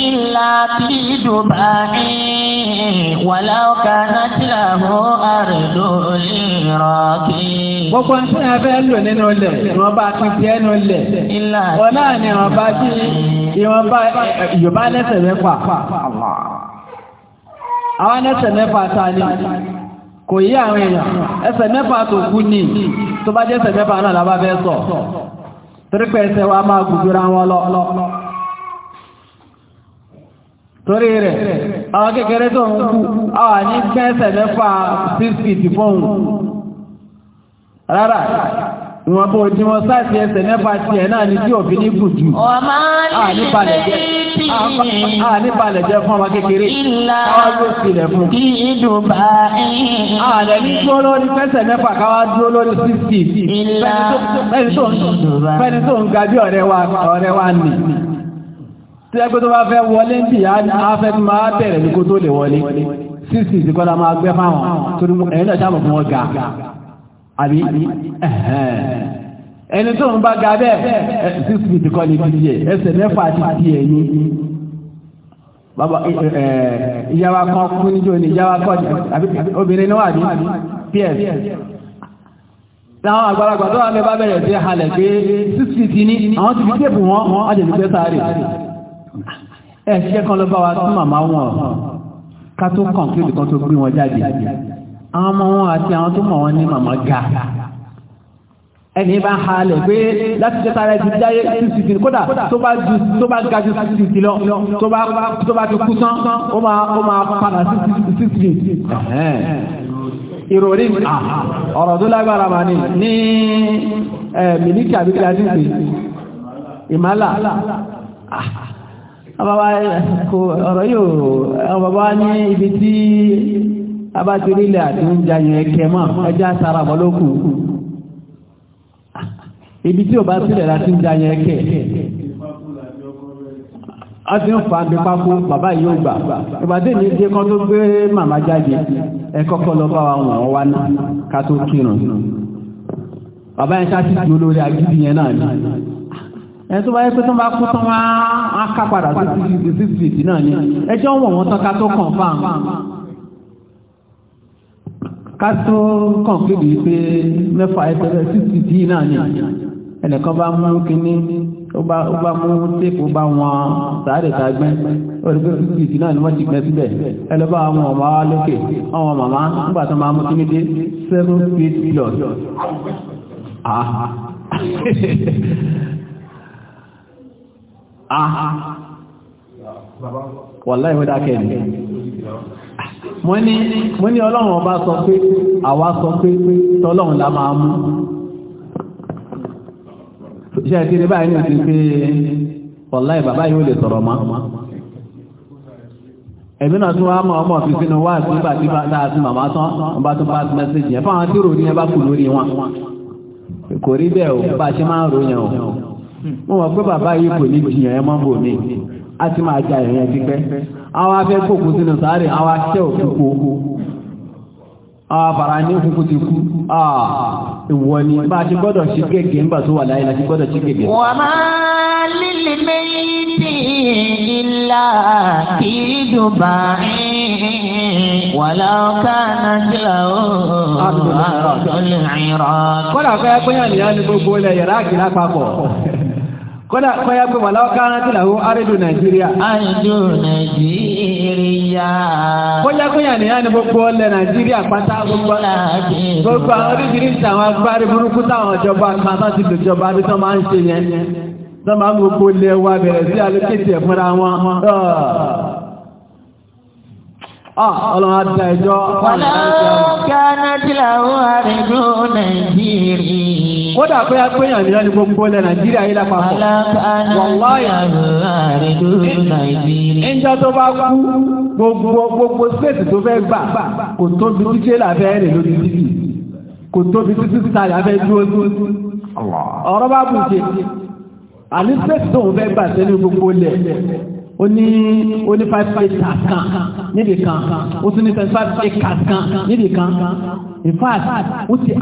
ìlà tí dùbà wàlá ọkà tí làwọn àrẹ̀dọ̀ lè rọ̀ kí. gbogbo tí a fẹ́ lò nínú ilẹ̀ ìwọ̀nba ti ti ẹnu ilẹ̀ wọn ọ ni ìwọ̀nba tí ìwọ̀nba Yorùbá lẹ́sẹ̀ mẹ́fà àwọn lẹ́sẹ̀ mẹ́fà ta ni kò yí àwọn èèyàn ẹsẹ̀ mẹ́fà tó kú ní tó bá jẹ́ mẹ́fà náà lábá fẹ́ sọ torí pé ẹsẹ̀ wa máa gùdúra wọn lọ torí rẹ̀ àwọn kékeré tó ń rárá ìwọ̀n bó jí wọn sáàtì ẹsẹ̀ mẹ́fà tí ẹ̀ náà ní tí òbí ní gùjù àníbalẹ̀ jẹ́ fún ọmọ kékeré káwá ló sílẹ̀ fún ààrẹ ní dúró lórí fẹ́sẹ̀ mẹ́fà káwá dúró lórí sísì fẹ́ni tó ń ga bí ọ̀rẹ́ wa nì tí ẹgbẹ́ tó bá fẹ́ wọlé bí afẹ́ tí máa bẹ̀rẹ̀ ní kó tó lè wọlé sísì sí kọ́lá máa gbẹ́ fáwọn torí ẹ̀yìn náà sáàmù fún ọgá àbí ẹni tó ń bá ga bẹ́ẹ̀ six feet kọ́ ní bíi ẹ̀ ẹsẹ̀ mẹ́fà ti di ẹ̀ ní. bàbá ìyáwá kan kú níjó ni ìyáwá kọ́ obìnrin náà wà ní ps láwọn àgbàlagbà tó wà mẹ́bá bẹ̀rẹ̀ sí halẹ̀ pé six feet ní àwọn ti fi tẹ́pù wọn wọ́n àjẹ̀lú pẹ́ sáré ẹ̀ ṣiṣẹ́ kan ló bá wa tún màmá wọn ká tó kàn kí olùkan tó gbé wọn jáde àwọn ọmọ wọn àti àwọn tó mọ̀ wọn ní màmá ga ẹni bá ń halẹ̀ pé láti jẹ́ sára ẹ̀sìn jáyé sísì sí kódà tó bá ga ju sísì sí lọ tó bá ti kú sán ó máa padà sísì sí ìròrí ọ̀rọ̀ tó lágbára mà ní ní mílíkì àbíkílá sí ìpè ìmálà ọ̀rọ̀ yóò ọ̀bọ̀bọ̀ ní ibi tí la ilẹ̀ àti oúnjẹ yẹn kẹmọ́ ẹjá ibi tí ò bá sílẹ̀ láti ń a ti ń fa bí pápó bàbá yóò gbà ìbàdé ní ìdí kan tó gbé màmá jáde ẹ kọ́kọ́ lọ bá wa wọ̀n wá náà ká tó kírun bàbá yẹn ṣáà ti olórí agídí yẹn náà ni ẹ tó bá yẹ pé tó ká tó kọ̀ǹpìlì pé mẹ́fà ẹgbẹ̀rẹ̀ sísì dì náà ni ẹnìkan bá mú kíní ó bá mú téèpù bá wọn sáré tagbẹ́ orígbé sísì dì náà ni wọ́n ti gbẹ́ síbẹ̀ ẹlọ́bá àwọn ọmọ lókè àwọn màmá nígbà tó máa mú kíní dé seven feet plus ah. (laughs) ah. Wàláìwé dákẹ́ ni mo ní ọlọ́run ọba sọ pé àwa sọ pé tọ́lọ́run la máa mú iṣẹ́ ìdí ní báyìí ní òfin pé ọ̀láì bàbá yóò lè sọ̀rọ̀ mọ́ ẹ̀mí náà tún wá mọ́ ọmọ ọ̀fin sínú wá sí nígbà tí dáa sí màmá tán ọba tún bá mẹ́sẹ̀jì yẹn fáwọn tí ròyìn ẹbá kù lórí wọn kò rí bẹ́ẹ̀ ò bá ṣe máa ń ròyìn ò mo mọ̀ pé bàbá yìí kò ní jiyàn ẹ mọ́ bò mí a ti máa ja ìrìn ẹ ti pẹ́ àwọn afẹ́ kòkó sínú sáré àwọn akẹ́ òkúkú àwọn àbàrà ní òkúkú ti kú àà ìwọ̀ ni bá ti gbọ́dọ̀ sí gẹ́gẹ́ ń bà tó wà láyé láti gbọ́dọ̀ sí gẹ́gẹ́ wọ́n máa lílì méjì ìlà kódà kọ́yá pé wà láwọ́ kára tí làwọn naijiria. nàìjíríà. arédò nàìjíríà. kọ́yá kọ́yà nìyá ni gbogbo ọlẹ̀ nàìjíríà pátá gbogbo gbogbo àwọn àwọn agbárí burúkú táwọn ti jọba bí ń ṣe yẹn ń gbogbo wa bẹ̀rẹ̀ sí wọn. ọlọ́run á ẹjọ́. wà láwọ́ kódà pé apéyàn ní ọdún gbogbo ilẹ̀ nàìjíríà yìí lápapọ̀ wàláyà ẹjọ́ tó bá kú gbogbo gbogbo space tó fẹ́ gbà kò tóbi títí láfẹ́ rẹ̀ lórí títì kò tóbi títí sáré afẹ́ dúró ọ̀rọ̀ ó ní ó ní five acres kan níbi kan ó tún ní twenty five acres kan níbi kan in fact ó ti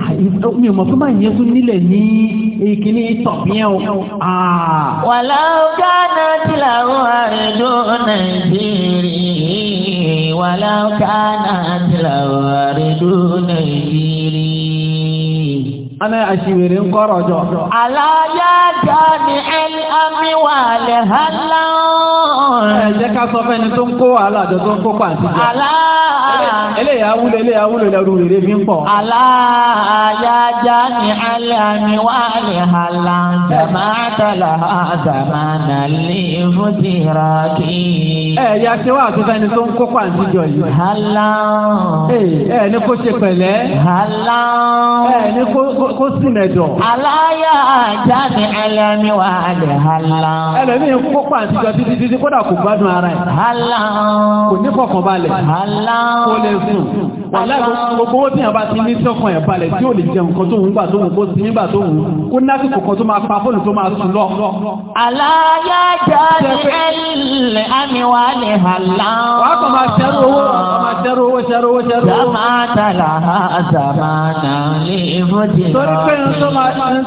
mi ò mọ̀ fún báyìí yẹn tún nílẹ̀ ní ìkíní tọ̀pì o. Ah. wàlá ọ̀gá náà ti làwọn àrẹ̀dọ́ nàìjíríà wàlá ọ̀gá náà ti làwọn àrẹ̀dọ́ nàìjíríà. Ana aṣiwèrè ń kọ́rọ̀ jọ. Àlàyé àjọ ni ẹni àmì wà lè láwọn ẹ jẹ́ ká sọ fẹ́ni tó ń kó aláàjọ tó ń kó pàǹtí jẹ. eléyà wúlò eléyà wúlò lẹ́rù rèé fi ń pọ̀. aláàyájá ni aláàmì wà ní àlà dàmátàlà àdàmánà lè fún ti ra kí. ẹ ya ṣe wá àti fẹ́ni tó ń kó pàǹtí jọ yìí. àlà. ẹ ní kó ṣe pẹ̀lẹ́. àlà. ẹ ní kó sì mẹ́jọ. aláyájá ni aláàmì wà ní àlà. ẹlẹ́mi ń kó pàǹtí jọ títí títí kódà kò gbádùn ara ẹ̀. kò ní kọ̀kan balẹ̀. kò lè sùn. wàhálà gbogbo owó tí yàrá ti ní sọ́kàn ẹ̀ balẹ̀ tí ò lè jẹun kan tó ń gbà tó ń kó sí nígbà tó ń kó náàkì kọ̀kan tó máa pa fóònù tó máa sùn lọ. aláyá jáde ẹ̀lẹ̀ àmìwá lè hàlá. wàá kàn máa ṣẹ́rù owó máa ṣẹ́rù owó ṣẹ́rù owó ṣẹ́rù owó. sàmátàlá sàmátà lè fọ́jì. torí pé ń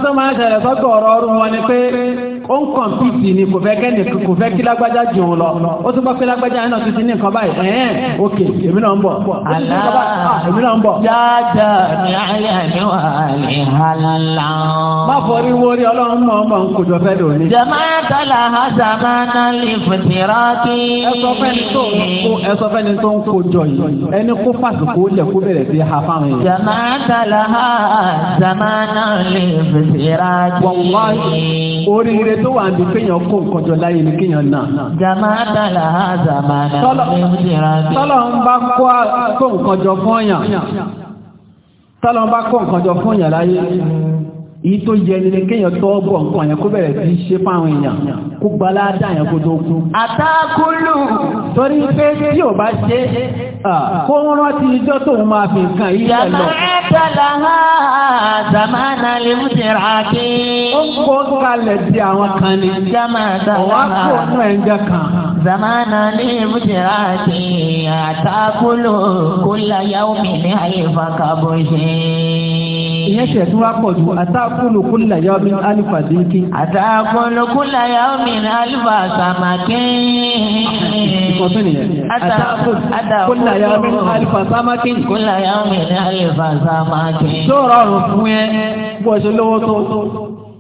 tó máa ń kọ̀ǹpìtì ni kò fẹ́ òun lọ ó tún bọ́ pé lágbájá náà tún ti ní nǹkan báyìí ẹ̀ẹ́n òkè èmi náà ń bọ̀ ah, èmi náà ń bọ̀. dáadáa ní ayé ni wà ní halala. má forí wórí ọlọ́run mọ̀ ọmọ ń kojú ọ̀fẹ́ lónìí. jamaatala hasamana ha fáwọn yìí. jamaatala hasamana lè fìtìrọ́tì. wọ́n wá oríire tó wà ní kéèyàn kó nǹkan jọ máa dàlà àzàmàdà ní ìjìnlá bí. tọ́lọ̀ ń bá kó nǹkan jọ fún ọ̀yàn tọ́lọ̀ ń bá kó nǹkan jọ fún ọ̀yàn láyé èyí tó yẹ ni kéèyàn tọ́ bọ̀ nǹkan yẹn kó bẹ̀rẹ̀ sí ṣe fáwọn èèyàn kó gbalá dáyàn kó tó kú. àtàkùlù torí pé tí ò bá ṣe kó rán ti ijọ́ tó ń máa fi nǹkan yìí lọ. yàtọ̀ ẹ̀dàlá zamana ó ń kó kalẹ̀ di àwọn kan ni. ọ̀wá kò fún àtàkùlù kó láyà omi ní àyè fàkàbọ̀ ṣe ìyẹn ṣe tún wá pọ̀ jù àtàkùnlù kúlẹ̀ yọ mi alifa dínkì. àtàkùnlù kúlẹ̀ yọ mi alifa sàmàkì. ìkọ̀tún nìyẹn. àtàkùnlù kúlẹ̀ yọ mi alifa sàmàkì. kúlẹ̀ yọ mi alifa sàmàkì. tó rọrùn fún ẹ bó ṣe lówó tó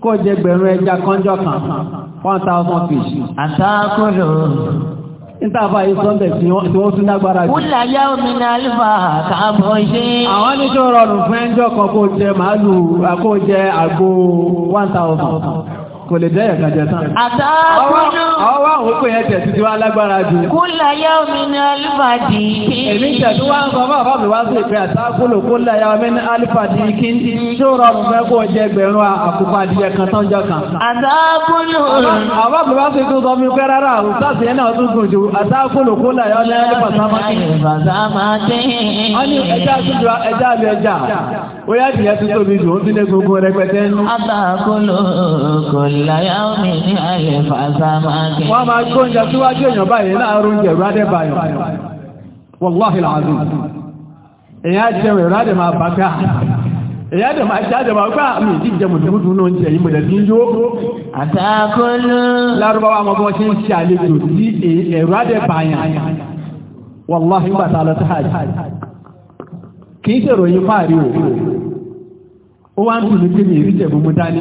kó jẹ gbẹ̀rún ẹja kọ́njọ́ kan one thousand fish. àtàkùnlù. Ìtàfà ìsọ́ndẹ̀ tí wọ́n tún lágbára jù. Wúlà yá omi ní alifà kààbọ̀ ṣe. Àwọn ní tí ó rọrùn fún ẹjọ́ kan kó jẹ màálù, kó jẹ àgbò 1000 kò lè dẹ́yẹ̀ kan jẹ tán. àtàkùnú ọwọ́ àwọn òpin yẹn tẹ̀ títí wá lágbára jù. kúlẹ̀ yá omi ní alifadi kí. èmi tẹ̀ tó wá ń sọ fún àbábí wá sí ìpín àtàkùnú kúlẹ̀ yá omi ní alifadi kí n ti tó rọrùn fẹ́ kó jẹ gbẹ̀rún àkùkọ adìyẹ kan tán jọ kan. àtàkùnú. àbábí wá sí tó sọ fún pé bóyá ya tó tóbi jù o ti gbogbo rẹpẹtẹ nú. abakolo kò láyà omi ní àyè fàṣàmàkì. wọ́n máa gbóúnjẹ síwájú èèyàn báyìí láàárọ̀ oúnjẹ ìrọ̀lẹ́ báyọ̀ wọ́láhì làásù èyàn jẹun ìrọ̀ àdè máa bàtà èyàn dẹ̀ máa jáde máa gbá mi ìdí jẹun náà jẹ yìí mọ̀lẹ́bí ń yó. àtàkùnú. lárúbáwá ọmọ bọ́ ṣe ń ṣe àlejò sí wọ́láhì kì í ṣèròyìn fáàrí o ó wá ń tù ní kíni ìrísẹ̀ mú dání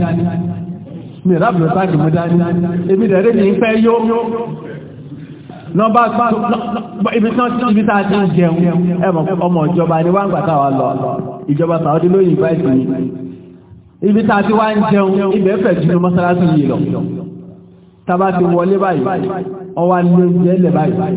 mi rábìlọ sáàkì mú dání ebi dẹ̀rẹ́ mi ń fẹ́ yó nọ́bá ibi tán tí ibi tàà ti ń jẹun ẹmọ ọmọ ìjọba ni wọ́n gbàtà wà lọ ìjọba sàọ́dí lóyìn ìgbà ìsìn ibi tàà ti wá ń jẹun ibẹ̀ fẹ̀ jù mọ́sálásí yìí lọ tàbá ti wọlé báyìí ọwá ní oúnjẹ lẹ̀ báyìí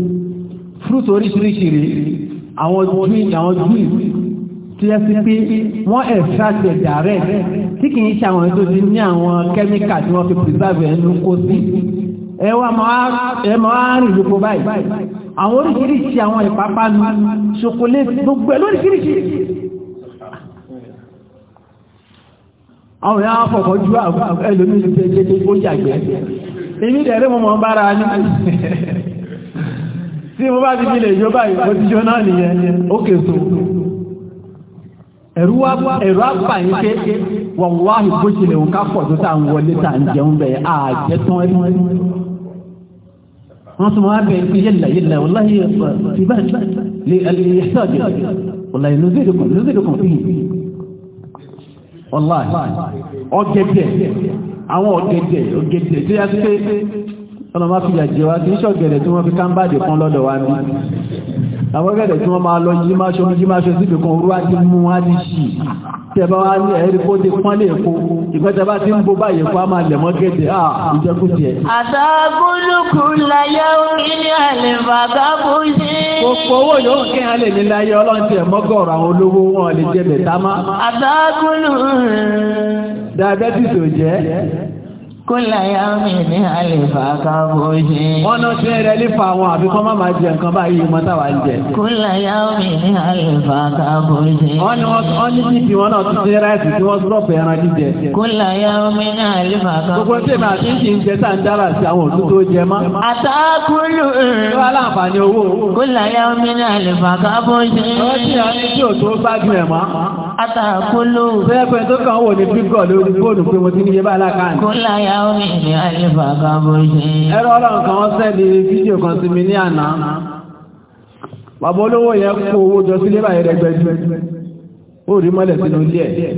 fruit oríṣiríṣi rí àwọn juice àwọn juice tí ẹ sí pé wọ́n extract ẹ̀ direct tí kì í ṣe àwọn tó ti ní àwọn kẹ́míkà tí wọ́n fi preserve ẹ̀ ń kó sí ẹ wá máa rìn lóko báyìí àwọn oríṣiríṣi àwọn ìpápánu ṣokoléètì gbogbo ẹ̀ lóríṣiríṣi àwọn èèyàn afọ̀kọ̀ ju ẹlòmí ìpẹ́jẹ́ tó yàgbẹ́ èyí dẹ̀rẹ́ mọ́ bára ní tí mo bá ti jí lè yọ báyìí mo ti jóná nìyẹn ó kè so ẹ̀rú àpàyín pé wàláhì bó ṣe lè ń ká pọ̀ tó tà ń wọlé tà ń jẹun bẹ̀ àjẹ́ tán ẹnu wọ́n tún máa bẹ̀ pé yẹ́lẹ̀ yẹ́lẹ̀ wàláhì ìbá ìyẹ́sọ̀jẹ̀ wàláhì lóṣèlúkùn lóṣèlúkùn fi wàláhì ọ̀gẹ̀dẹ̀ àwọn ọ̀gẹ̀dẹ̀ ọ̀gẹ̀dẹ̀ tó yá pé ọ̀nà máa fi yàjẹ́ wá kìí ṣọ̀gẹ̀dẹ̀ tí wọ́n fi kámbàdì kan lọ́dọ̀ wá ní àwọ́gẹ̀dẹ̀ tí wọ́n máa lọ yí máa ṣe ojú máa ṣe mú wá ní ṣì tẹ́bá wá ní ẹ̀rí kó dé pọ́n lè kó ti ń bó báyìí kó a máa lẹ̀ mọ́gẹ̀dẹ̀ à ìjẹkúsí ẹ̀. àtàkùnlùkù jẹ́ kólà yá mi ní àlèfà kábòjì. wọ́n náà tún ẹ̀rẹ́ lífa àwọn àbí kọ́ má máa jẹ nǹkan báyìí mọ́ táwa ń jẹ. kólà yá mi ní àlèfà kábòjì. wọ́n ní wọ́n ní títí wọn náà tún ṣe ráìsì tí wọ́n sọ̀rọ̀ ẹran jíjẹ. kólà yá mi ní àlèfà kábòjì. gbogbo tí èmi àti ìṣìn jẹ tá ń dára sí àwọn òtún tó jẹ mọ́. àtàkùlù. wọ́n aláǹfààní owó. mi ní láwùrì ní àlefà kan bó ṣe. ẹ̀rọ ọlọ́run kan wọ́n sẹ́ẹ̀dì fídíò kan sí mi ní àná bàbá olówó yẹn kó owó jọ sílé báyìí rẹ̀ gbẹ́gbẹ́ ó rí mọ́lẹ̀ sínú ilé ẹ̀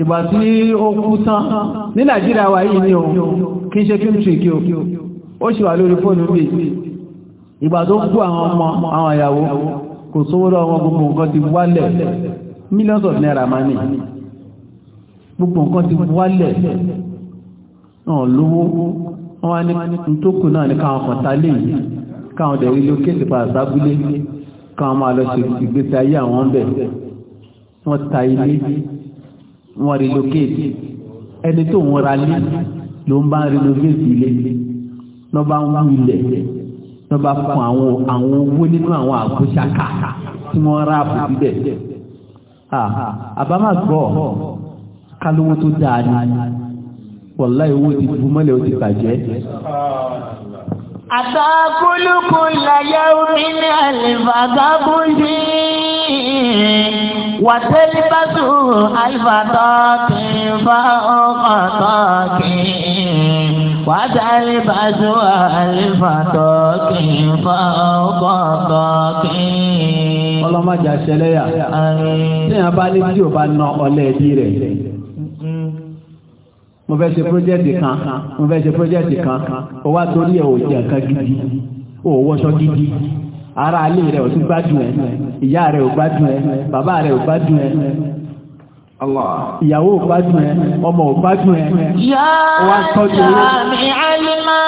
ìgbà tí ó kú tán ní nàìjíríà wà yìí ni o kí n ṣe kí n tù kí o ó ṣì wà lórí fóònù mi ìgbà tó kú àwọn ọmọ àwọn ìyàwó kò sówó lọ́wọ́ gbogbo nǹkan ti wálẹ̀ millions of naira money gbogbo nǹkan ti wálẹ̀ náà lówó wọ́n wá ní tókù náà ní káwọn kọ̀tà lè yìí káwọn dẹ̀rí ló kéèsì padà sábúlé káwọn máa lọ ṣe ìgbésí ayé àwọn bẹ̀ wọ́n ta ilé wọ́n relocate ẹni tó ń ra lé ló ń bá relocate ilé lọ́ bá ń wú ilẹ̀ lọ́ bá fún àwọn àwọn owó nínú àwọn àgbóṣàkà tí wọ́n rà fún bíbẹ̀ àbámàgbọ́ kálówó tó dáa ni wọ̀lá owó ti bu mọ́lẹ̀ ó ti bàjẹ́. Àtàkùlùkù láyé orí ní àlèfàgábù sí wàtẹ́líbàtù àlèfàtọ́kì bá ọkọ̀tọ́kì wàtẹ́líbàtù àlèfàtọ́kì bá ọkọ̀tọ́kì. Ọlọ́mọjà ṣẹlẹ́yà, tí a bá ní tí ò bá na ọlẹ́ẹ̀dí rẹ̀ mo fẹ́ ṣe pírójẹ́tì kan mo fẹ́ ṣe pírójẹ́tì kan ó wá torí ẹ̀ ò jẹ́ gidi ó wọṣọ gidi ara alé rẹ̀ ò tún gbádùn ẹ̀ ìyá rẹ̀ ò gbádùn ẹ̀ bàbá rẹ̀ ò gbádùn ẹ̀ ìyàwó ò gbádùn ẹ̀ ọmọ ò gbádùn ẹ̀ ó tọ́jú owó.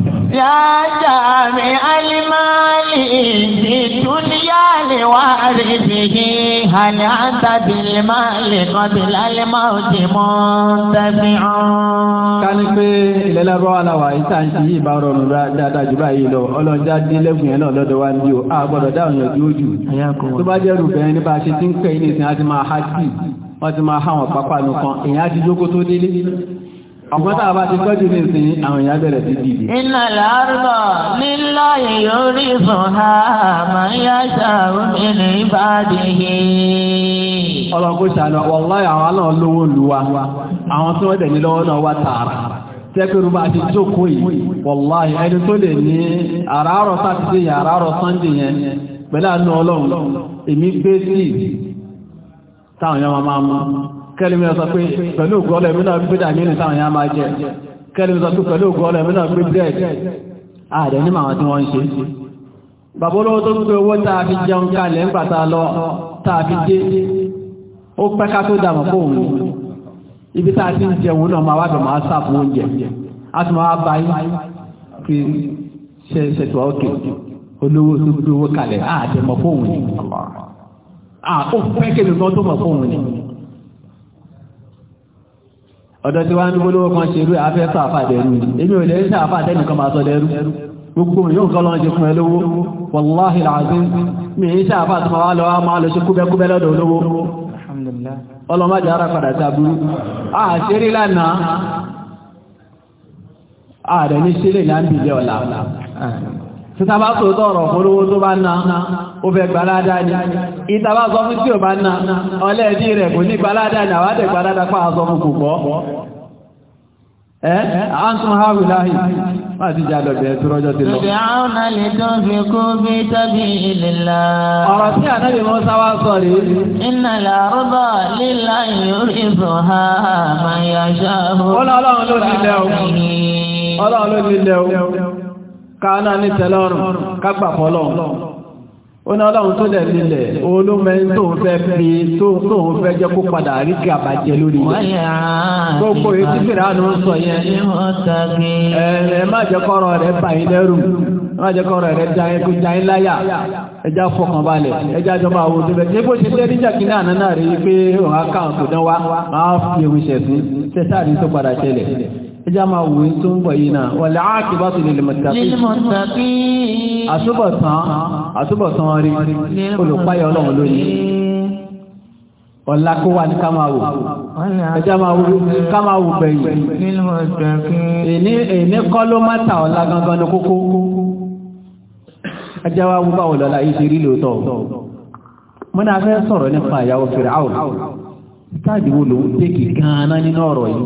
جاء بالمال في الدنيا لوارثه هل أتى بالمال قبل الموت منتفع kálí pé ilẹ̀ lárúbáwá la wà ìta ń ti yíba ọ̀rọ̀ ọ̀rọ̀ dáadáa jù báyìí lọ ọlọ́njá dínlẹ́gùn yẹn náà lọ́dọ̀ wa ní o a gbọ́dọ̀ dáhùn yẹn dúró jù tó bá ni bẹ̀rẹ̀ nípa ṣe tí ń pẹ́ ní ìsìn á ti máa há sí wọ́n ti máa há wọn pápá nù kan èèyàn ti jókòó tó délé àmọ́ tá a bá ti tọ́jú ní ìsìn àwọn èèyàn bẹ̀rẹ̀ sí dìde. iná làárọ̀ lílọ ìyórí ha máa ń yá ṣàrùn mi ọlọ́kùn àwọn náà lówó àwọn tí wọ́n lọ́wọ́ náà wá tààrà tẹ́kùrú bá ti jókòó yìí wàláì ẹni tó lè ní àràárọ̀ sátidé yẹn àràárọ̀ yẹn pẹ̀lú àánú ọlọ́run kẹ́lùmí ọ̀sọ̀ pé pẹ̀lú ògùn ọlọ́ ìmúnà gbídà nínú táwọn ya máa jẹ kẹ́lùmí ọ̀sọ̀ pé pẹ̀lú ògùn ọlọ́ ìmúnà gbídà ààrẹ ní màwọn tí wọ́n ń ṣe bàbá olówó tó gbé owó tàà fi jẹun kalẹ̀ ńgbàtà lọ tàà fi dé ó pẹ́ká tó dàmọ̀ fóun ní ibi tàà ti ń jẹun náà máa wábẹ̀ máa sàfún oúnjẹ a ti máa bá yín fi ṣètò ọkẹ olówó tó gbé owó kalẹ̀ ààrẹ mọ̀ fóun ní àà ó pẹ́kẹ̀lẹ̀ náà tó mọ̀ fóun ní ọ̀dọ̀ tí wá ń gbólówó kan ṣe rú afẹ́ sàfàdẹ̀rú èmi ò lè ń sàfàdẹ̀nì kan máa sọ dẹ̀rú gbogbo yóò kọ́ lọ́nà ṣe fún ẹ lówó wàláhì làzín mi ń sàfàdẹ̀ máa wá lọ máa lọ ṣe kúbẹ́kúbẹ́ lọ́dọ̀ olówó ọlọ́mọdé ara padà sàbúrú àṣírí lánàá ààrẹ ní ṣílẹ̀ náà ń bìí ó fẹ́ gbalada ni ìtàbá sọ fún tí ò bá ná ọlẹ́ẹ̀dí rẹ̀ kò ní gbalada ni àwádẹ̀ gbalada pa àsọ fún kò bọ́ ẹ́ àǹtún hàrù láhì máa ti jàdọ̀ bẹ̀ẹ́ tó ti lọ ọlọ́run ló nílẹ̀ náà ní fọ́lọ́run ó ní ọlọ́run tó dẹ̀ nílẹ̀ olómẹ́rin tó ń fẹ́ fi tó ń fẹ́ jẹ́ kó padà rí kí àbàjẹ́ lórí rẹ̀ gbogbo etí fèrè àánú ń sọ yẹn ẹ má jẹ́ kọ́rọ̀ rẹ̀ bà yín lẹ́rù ẹ má jẹ́ kọ́rọ̀ rẹ̀ já yín kó já yín láyà ẹjá fọkàn balẹ̀ ẹjá jọba àwọn òṣèlú ní bó ṣe tẹ́ níjà kí ní àná náà rí i pé òun á káwọn kò dán máa fi ewì ṣẹ̀sìn tẹ́sáàrí ẹjá máa wù tó ń bọ̀ yìí náà wal aqibatu lil muttaqin àtúbọ̀tán àtúbọ̀tán rí olùpáyọ̀ ọlọ́run lónìí ọ̀la kó wà ní ká máa wò ẹjá máa wò bẹ̀yìn èní kọ́ ló má ta ọ̀la gangan ní kókó ẹjá wá wú báwo lọ́la yìí ṣe rí lóòótọ́ mọ́nà afẹ́ sọ̀rọ̀ nípa ìyàwó Fir'aun táàdì wo lòún tẹ́kì gan-an nínú ọ̀rọ̀ yìí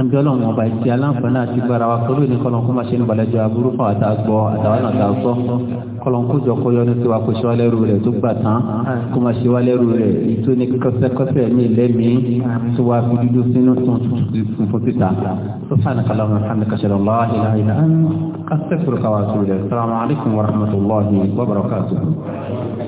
ẹnbí ọlọ́run ọba ìtì aláǹfààní àti gbára wa pẹ̀lú ní kọlọ̀kún máa ṣe ń balẹ̀jọ aburú fún àtàgbọ́ àtàwọn àtàgbọ́ kọlọ̀kún jọ kọyọ ní tiwa kò ṣe wá lẹ́rù rẹ̀ tó gbà tán kó máa ṣe wá lẹ́rù rẹ̀ ìtò ní kọ́sẹ́kọ́sẹ́ mi lẹ́mí tó wá fi dúdú sínú fún títà tó fàánà kalamu alhamdu kashara allah ilaha illa an kásẹ̀kùrù kawàtú rẹ̀ salamu alaykum wa rahmatulahi wa barakatuh.